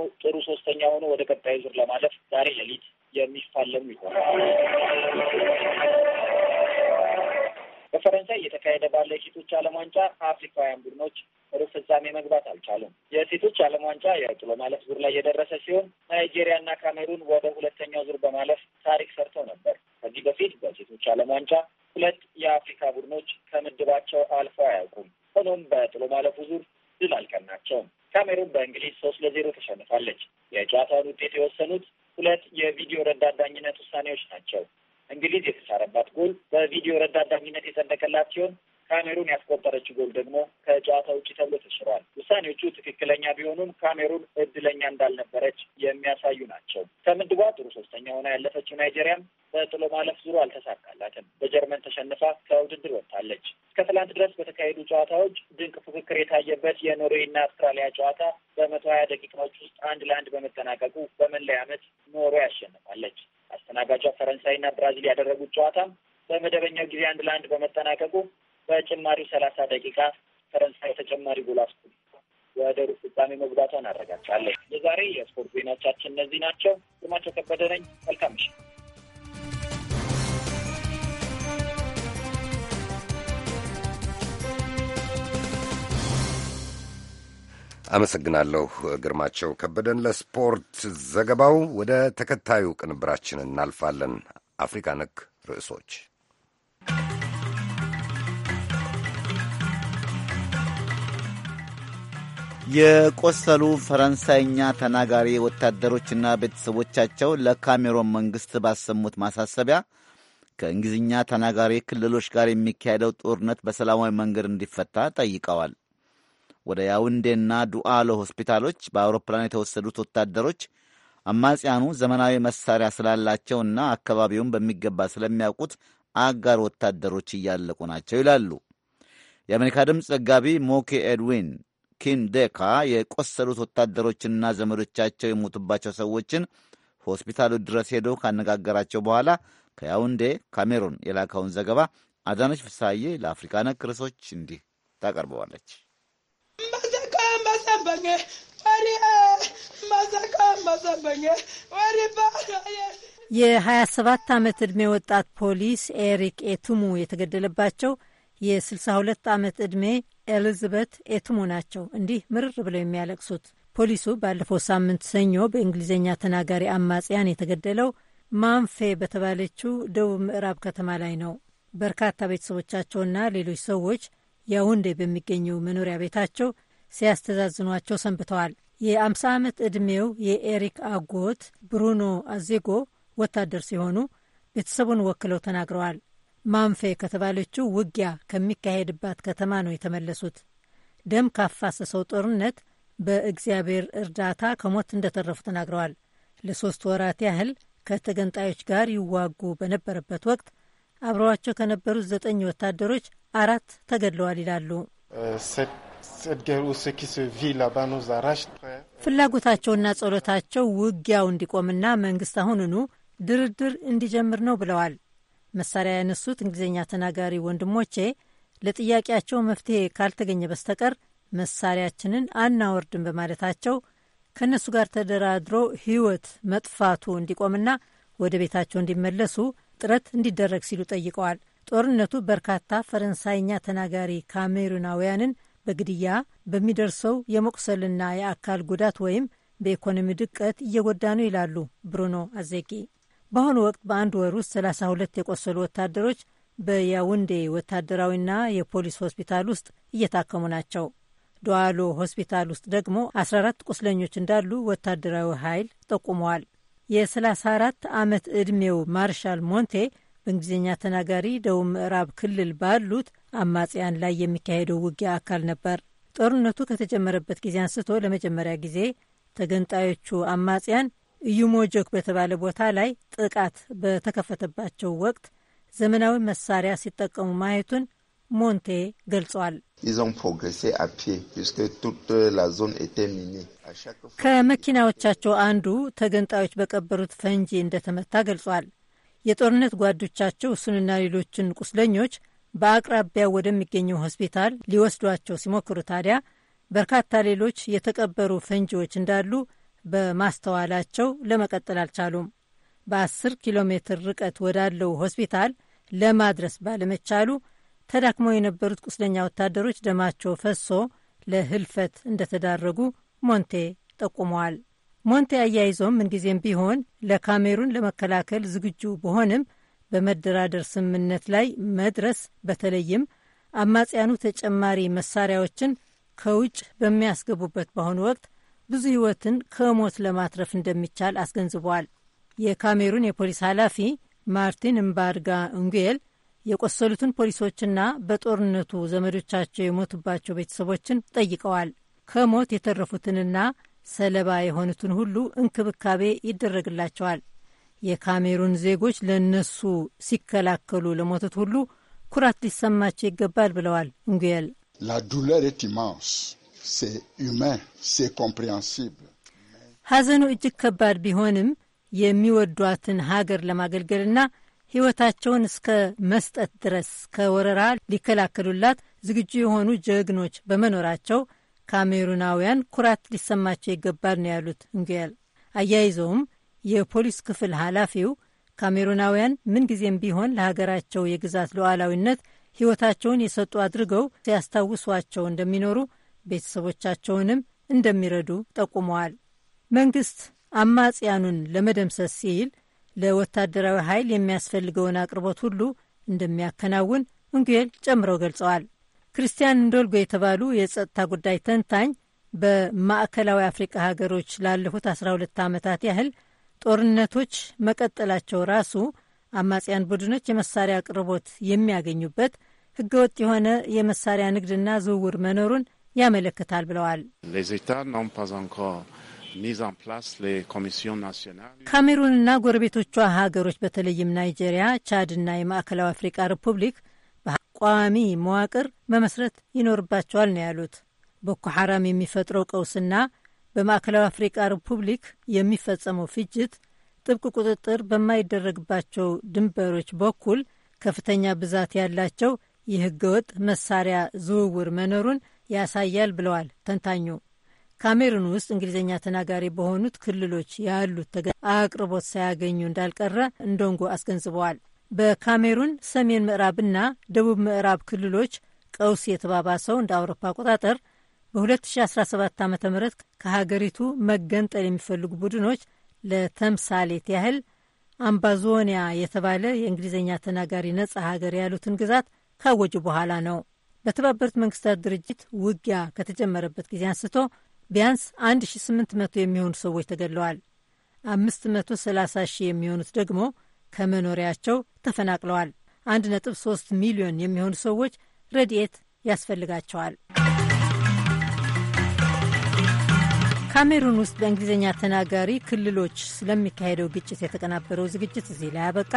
ደግሞ ጥሩ ሶስተኛ ሆኖ ወደ ቀጣይ ዙር ለማለፍ አመሰግናለሁ ግርማቸው ከበደን ለስፖርት ዘገባው። ወደ ተከታዩ ቅንብራችን እናልፋለን። አፍሪካ ነክ ርዕሶች የቆሰሉ ፈረንሳይኛ ተናጋሪ ወታደሮችና ቤተሰቦቻቸው ለካሜሮን መንግሥት ባሰሙት ማሳሰቢያ ከእንግሊዝኛ ተናጋሪ ክልሎች ጋር የሚካሄደው ጦርነት በሰላማዊ መንገድ እንዲፈታ ጠይቀዋል። ወደ ያውንዴና ዱአሎ ሆስፒታሎች በአውሮፕላን የተወሰዱት ወታደሮች አማጽያኑ ዘመናዊ መሳሪያ ስላላቸውና አካባቢውን በሚገባ ስለሚያውቁት አጋር ወታደሮች እያለቁ ናቸው ይላሉ። የአሜሪካ ድምፅ ዘጋቢ ሞኬ ኤድዊን ኪንዴካ የቆሰሉት ወታደሮችና ዘመዶቻቸው የሞቱባቸው ሰዎችን ሆስፒታሉ ድረስ ሄዶ ካነጋገራቸው በኋላ ከያውንዴ ካሜሩን የላከውን ዘገባ አዳነች ፍሳዬ ለአፍሪካ ነክ ርዕሶች እንዲህ ታቀርበዋለች። mazambanye wari ማዘቃ wari ba የ27 ዓመት ዕድሜ ወጣት ፖሊስ ኤሪክ ኤቱሙ የተገደለባቸው የ62 ዓመት ዕድሜ ኤሊዝበት ኤቱሙ ናቸው። እንዲህ ምርር ብለው የሚያለቅሱት ፖሊሱ ባለፈው ሳምንት ሰኞ በእንግሊዝኛ ተናጋሪ አማጽያን የተገደለው ማንፌ በተባለችው ደቡብ ምዕራብ ከተማ ላይ ነው። በርካታ ቤተሰቦቻቸውና ሌሎች ሰዎች ያውንዴ በሚገኘው መኖሪያ ቤታቸው ሲያስተዛዝኗቸው ሰንብተዋል። የ50 ዓመት ዕድሜው የኤሪክ አጎት ብሩኖ አዜጎ ወታደር ሲሆኑ ቤተሰቡን ወክለው ተናግረዋል። ማንፌ ከተባለችው ውጊያ ከሚካሄድባት ከተማ ነው የተመለሱት። ደም ካፋሰሰው ጦርነት በእግዚአብሔር እርዳታ ከሞት እንደተረፉ ተናግረዋል። ለሶስት ወራት ያህል ከተገንጣዮች ጋር ይዋጉ በነበረበት ወቅት አብረዋቸው ከነበሩት ዘጠኝ ወታደሮች አራት ተገድለዋል ይላሉ። uh, ፍላጎታቸውና ጸሎታቸው ውጊያው እንዲቆምና መንግስት አሁንኑ ድርድር እንዲጀምር ነው ብለዋል። መሳሪያ ያነሱት እንግሊዝኛ ተናጋሪ ወንድሞቼ ለጥያቄያቸው መፍትሄ ካልተገኘ በስተቀር መሳሪያችንን አናወርድም በማለታቸው ከእነሱ ጋር ተደራድሮ ህይወት መጥፋቱ እንዲቆምና ወደ ቤታቸው እንዲመለሱ ጥረት እንዲደረግ ሲሉ ጠይቀዋል። ጦርነቱ በርካታ ፈረንሳይኛ ተናጋሪ ካሜሩናውያንን በግድያ በሚደርሰው የመቁሰልና የአካል ጉዳት ወይም በኢኮኖሚ ድቀት እየጎዳ ነው ይላሉ ብሩኖ አዜቂ። በአሁኑ ወቅት በአንድ ወር ውስጥ 32 የቆሰሉ ወታደሮች በያውንዴ ወታደራዊና የፖሊስ ሆስፒታል ውስጥ እየታከሙ ናቸው። ዶዋሎ ሆስፒታል ውስጥ ደግሞ 14 ቁስለኞች እንዳሉ ወታደራዊ ኃይል ጠቁመዋል። የ34 ዓመት ዕድሜው ማርሻል ሞንቴ በእንግሊዝኛ ተናጋሪ ደቡብ ምዕራብ ክልል ባሉት አማጽያን ላይ የሚካሄደው ውጊያ አካል ነበር። ጦርነቱ ከተጀመረበት ጊዜ አንስቶ ለመጀመሪያ ጊዜ ተገንጣዮቹ አማጽያን እዩሞጆክ በተባለ ቦታ ላይ ጥቃት በተከፈተባቸው ወቅት ዘመናዊ መሳሪያ ሲጠቀሙ ማየቱን ሞንቴ ገልጿል። ከመኪናዎቻቸው አንዱ ተገንጣዮች በቀበሩት ፈንጂ እንደተመታ ገልጿል። የጦርነት ጓዶቻቸው እሱንና ሌሎችን ቁስለኞች በአቅራቢያው ወደሚገኘው ሆስፒታል ሊወስዷቸው ሲሞክሩ ታዲያ በርካታ ሌሎች የተቀበሩ ፈንጂዎች እንዳሉ በማስተዋላቸው ለመቀጠል አልቻሉም። በ10 ኪሎ ሜትር ርቀት ወዳለው ሆስፒታል ለማድረስ ባለመቻሉ ተዳክመው የነበሩት ቁስለኛ ወታደሮች ደማቸው ፈሶ ለህልፈት እንደተዳረጉ ሞንቴ ጠቁመዋል። ሞንቴ አያይዞም ምንጊዜም ቢሆን ለካሜሩን ለመከላከል ዝግጁ በሆንም በመደራደር ስምምነት ላይ መድረስ በተለይም አማጽያኑ ተጨማሪ መሳሪያዎችን ከውጭ በሚያስገቡበት በአሁኑ ወቅት ብዙ ሕይወትን ከሞት ለማትረፍ እንደሚቻል አስገንዝበዋል። የካሜሩን የፖሊስ ኃላፊ ማርቲን እምባርጋ እንጉኤል የቆሰሉትን ፖሊሶችና በጦርነቱ ዘመዶቻቸው የሞቱባቸው ቤተሰቦችን ጠይቀዋል። ከሞት የተረፉትንና ሰለባ የሆኑትን ሁሉ እንክብካቤ ይደረግላቸዋል። የካሜሩን ዜጎች ለእነሱ ሲከላከሉ ለሞቱት ሁሉ ኩራት ሊሰማቸው ይገባል ብለዋል እንጉየል። ሐዘኑ እጅግ ከባድ ቢሆንም የሚወዷትን ሀገር ለማገልገልና ሕይወታቸውን እስከ መስጠት ድረስ ከወረራ ሊከላከሉላት ዝግጁ የሆኑ ጀግኖች በመኖራቸው ካሜሩናውያን ኩራት ሊሰማቸው ይገባል ነው ያሉት እንጉያል። አያይዘውም የፖሊስ ክፍል ኃላፊው ካሜሩናውያን ምንጊዜም ቢሆን ለሀገራቸው የግዛት ሉዓላዊነት ሕይወታቸውን የሰጡ አድርገው ሲያስታውሷቸው እንደሚኖሩ ቤተሰቦቻቸውንም እንደሚረዱ ጠቁመዋል። መንግስት አማጽያኑን ለመደምሰስ ሲል ለወታደራዊ ኃይል የሚያስፈልገውን አቅርቦት ሁሉ እንደሚያከናውን እንጉኤል ጨምረው ገልጸዋል። ክርስቲያን እንዶልጎ የተባሉ የጸጥታ ጉዳይ ተንታኝ በማዕከላዊ አፍሪቃ ሀገሮች ላለፉት 12 ዓመታት ያህል ጦርነቶች መቀጠላቸው ራሱ አማጽያን ቡድኖች የመሳሪያ አቅርቦት የሚያገኙበት ህገወጥ የሆነ የመሳሪያ ንግድና ዝውውር መኖሩን ያመለክታል ብለዋል። ካሜሩንና ጎረቤቶቿ ሀገሮች በተለይም ናይጄሪያ፣ ቻድና የማዕከላዊ አፍሪቃ ሪፑብሊክ በቋሚ መዋቅር መመስረት ይኖርባቸዋል ነው ያሉት። ቦኮ ሐራም የሚፈጥረው ቀውስና በማዕከላዊ አፍሪቃ ሪፑብሊክ የሚፈጸመው ፍጅት ጥብቅ ቁጥጥር በማይደረግባቸው ድንበሮች በኩል ከፍተኛ ብዛት ያላቸው የህገወጥ መሳሪያ ዝውውር መኖሩን ያሳያል ብለዋል ተንታኙ። ካሜሩን ውስጥ እንግሊዝኛ ተናጋሪ በሆኑት ክልሎች ያሉት ተገ አቅርቦት ሳያገኙ እንዳልቀረ እንደንጎ አስገንዝበዋል። በካሜሩን ሰሜን ምዕራብና ደቡብ ምዕራብ ክልሎች ቀውስ የተባባሰው እንደ አውሮፓ አቆጣጠር በ2017 ዓ ም ከሀገሪቱ መገንጠል የሚፈልጉ ቡድኖች ለተምሳሌት ያህል አምባዞኒያ የተባለ የእንግሊዝኛ ተናጋሪ ነጻ ሀገር ያሉትን ግዛት ካወጁ በኋላ ነው። በተባበሩት መንግስታት ድርጅት ውጊያ ከተጀመረበት ጊዜ አንስቶ ቢያንስ 1800 የሚሆኑ ሰዎች ተገድለዋል። 530 ሺህ የሚሆኑት ደግሞ ከመኖሪያቸው ተፈናቅለዋል። 1.3 ሚሊዮን የሚሆኑ ሰዎች ረድኤት ያስፈልጋቸዋል። ካሜሩን ውስጥ በእንግሊዝኛ ተናጋሪ ክልሎች ስለሚካሄደው ግጭት የተቀናበረው ዝግጅት እዚህ ላይ አበቃ።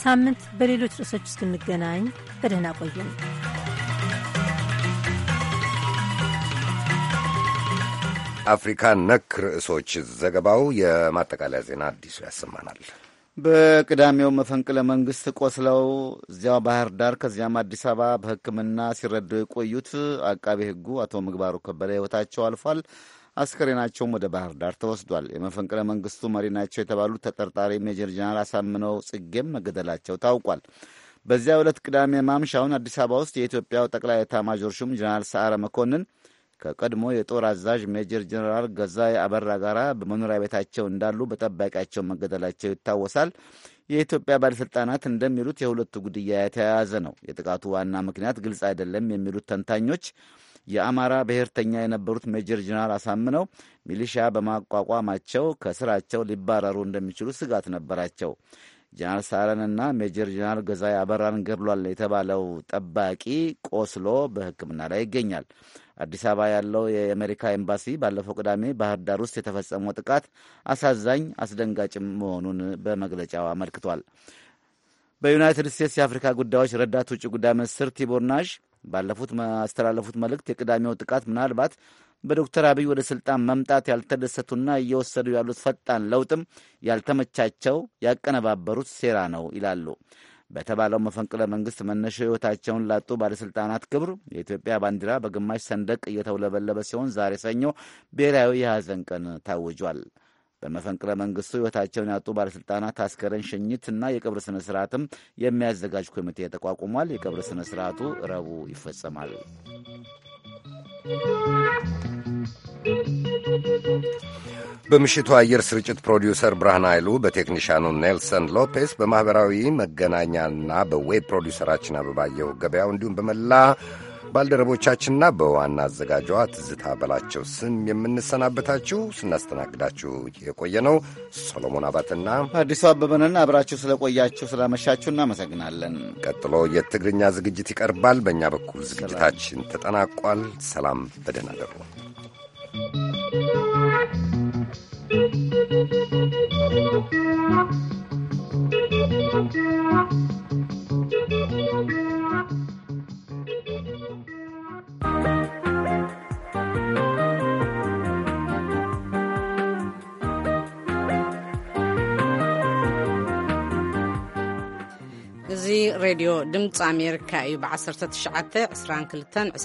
ሳምንት በሌሎች ርዕሶች እስክንገናኝ በደህና ቆዩን። አፍሪካ ነክ ርዕሶች ዘገባው የማጠቃለያ ዜና አዲሱ ያሰማናል። በቅዳሜው መፈንቅለ መንግስት ቆስለው እዚያው ባህር ዳር ከዚያም አዲስ አበባ በሕክምና ሲረዱ የቆዩት አቃቤ ሕጉ አቶ ምግባሩ ከበደ ሕይወታቸው አልፏል። አስከሬናቸውም ወደ ባህር ዳር ተወስዷል። የመፈንቅለ መንግስቱ መሪ ናቸው የተባሉት ተጠርጣሪ ሜጀር ጀነራል አሳምነው ጽጌም መገደላቸው ታውቋል። በዚያ ዕለት ቅዳሜ ማምሻውን አዲስ አበባ ውስጥ የኢትዮጵያው ጠቅላይ ኤታማዦር ሹም ጀነራል ሰዓረ መኮንን ከቀድሞ የጦር አዛዥ ሜጀር ጀነራል ገዛይ አበራ ጋር በመኖሪያ ቤታቸው እንዳሉ በጠባቂያቸው መገደላቸው ይታወሳል። የኢትዮጵያ ባለሥልጣናት እንደሚሉት የሁለቱ ግድያ የተያያዘ ነው። የጥቃቱ ዋና ምክንያት ግልጽ አይደለም የሚሉት ተንታኞች የአማራ ብሔርተኛ የነበሩት ሜጀር ጀነራል አሳምነው ሚሊሻ በማቋቋማቸው ከስራቸው ሊባረሩ እንደሚችሉ ስጋት ነበራቸው። ጀነራል ሳረንና ሜጀር ጀነራል ገዛይ አበራን ገድሏል የተባለው ጠባቂ ቆስሎ በሕክምና ላይ ይገኛል። አዲስ አበባ ያለው የአሜሪካ ኤምባሲ ባለፈው ቅዳሜ ባህር ዳር ውስጥ የተፈጸመው ጥቃት አሳዛኝ አስደንጋጭም መሆኑን በመግለጫው አመልክቷል። በዩናይትድ ስቴትስ የአፍሪካ ጉዳዮች ረዳት ውጭ ጉዳይ ሚኒስትር ቲቦር ናሽ ባለፉት ማስተላለፉት መልእክት የቅዳሜው ጥቃት ምናልባት በዶክተር አብይ ወደ ስልጣን መምጣት ያልተደሰቱና እየወሰዱ ያሉት ፈጣን ለውጥም ያልተመቻቸው ያቀነባበሩት ሴራ ነው ይላሉ። በተባለው መፈንቅለ መንግስት መነሻ ሕይወታቸውን ላጡ ባለሥልጣናት ክብር የኢትዮጵያ ባንዲራ በግማሽ ሰንደቅ እየተውለበለበ ሲሆን ዛሬ ሰኞ ብሔራዊ የሐዘን ቀን ታውጇል። በመፈንቅለ መንግስቱ ህይወታቸውን ያጡ ባለሥልጣናት አስከሬን ሽኝትና የቅብር ስነ ስርዓትም የሚያዘጋጅ ኮሚቴ ተቋቁሟል። የቅብር ስነ ስርዓቱ ረቡዕ ይፈጸማል። በምሽቱ አየር ስርጭት ፕሮዲውሰር ብርሃን ኃይሉ፣ በቴክኒሻኑ ኔልሰን ሎፔስ፣ በማኅበራዊ መገናኛና በዌብ ፕሮዲውሰራችን አበባየሁ ገበያው እንዲሁም በመላ ባልደረቦቻችንና በዋና አዘጋጇ ትዝታ በላቸው ስም የምንሰናበታችሁ ስናስተናግዳችሁ የቆየ ነው ሰሎሞን አባትና አዲሱ አበበንን። አብራችሁ ስለቆያችሁ ስላመሻችሁ እናመሰግናለን። ቀጥሎ የትግርኛ ዝግጅት ይቀርባል። በእኛ በኩል ዝግጅታችን ተጠናቋል። ሰላም፣ በደህና ደሩ። Thank you. እዚ ሬድዮ ድምፂ ኣሜሪካ እዩ ብ19 22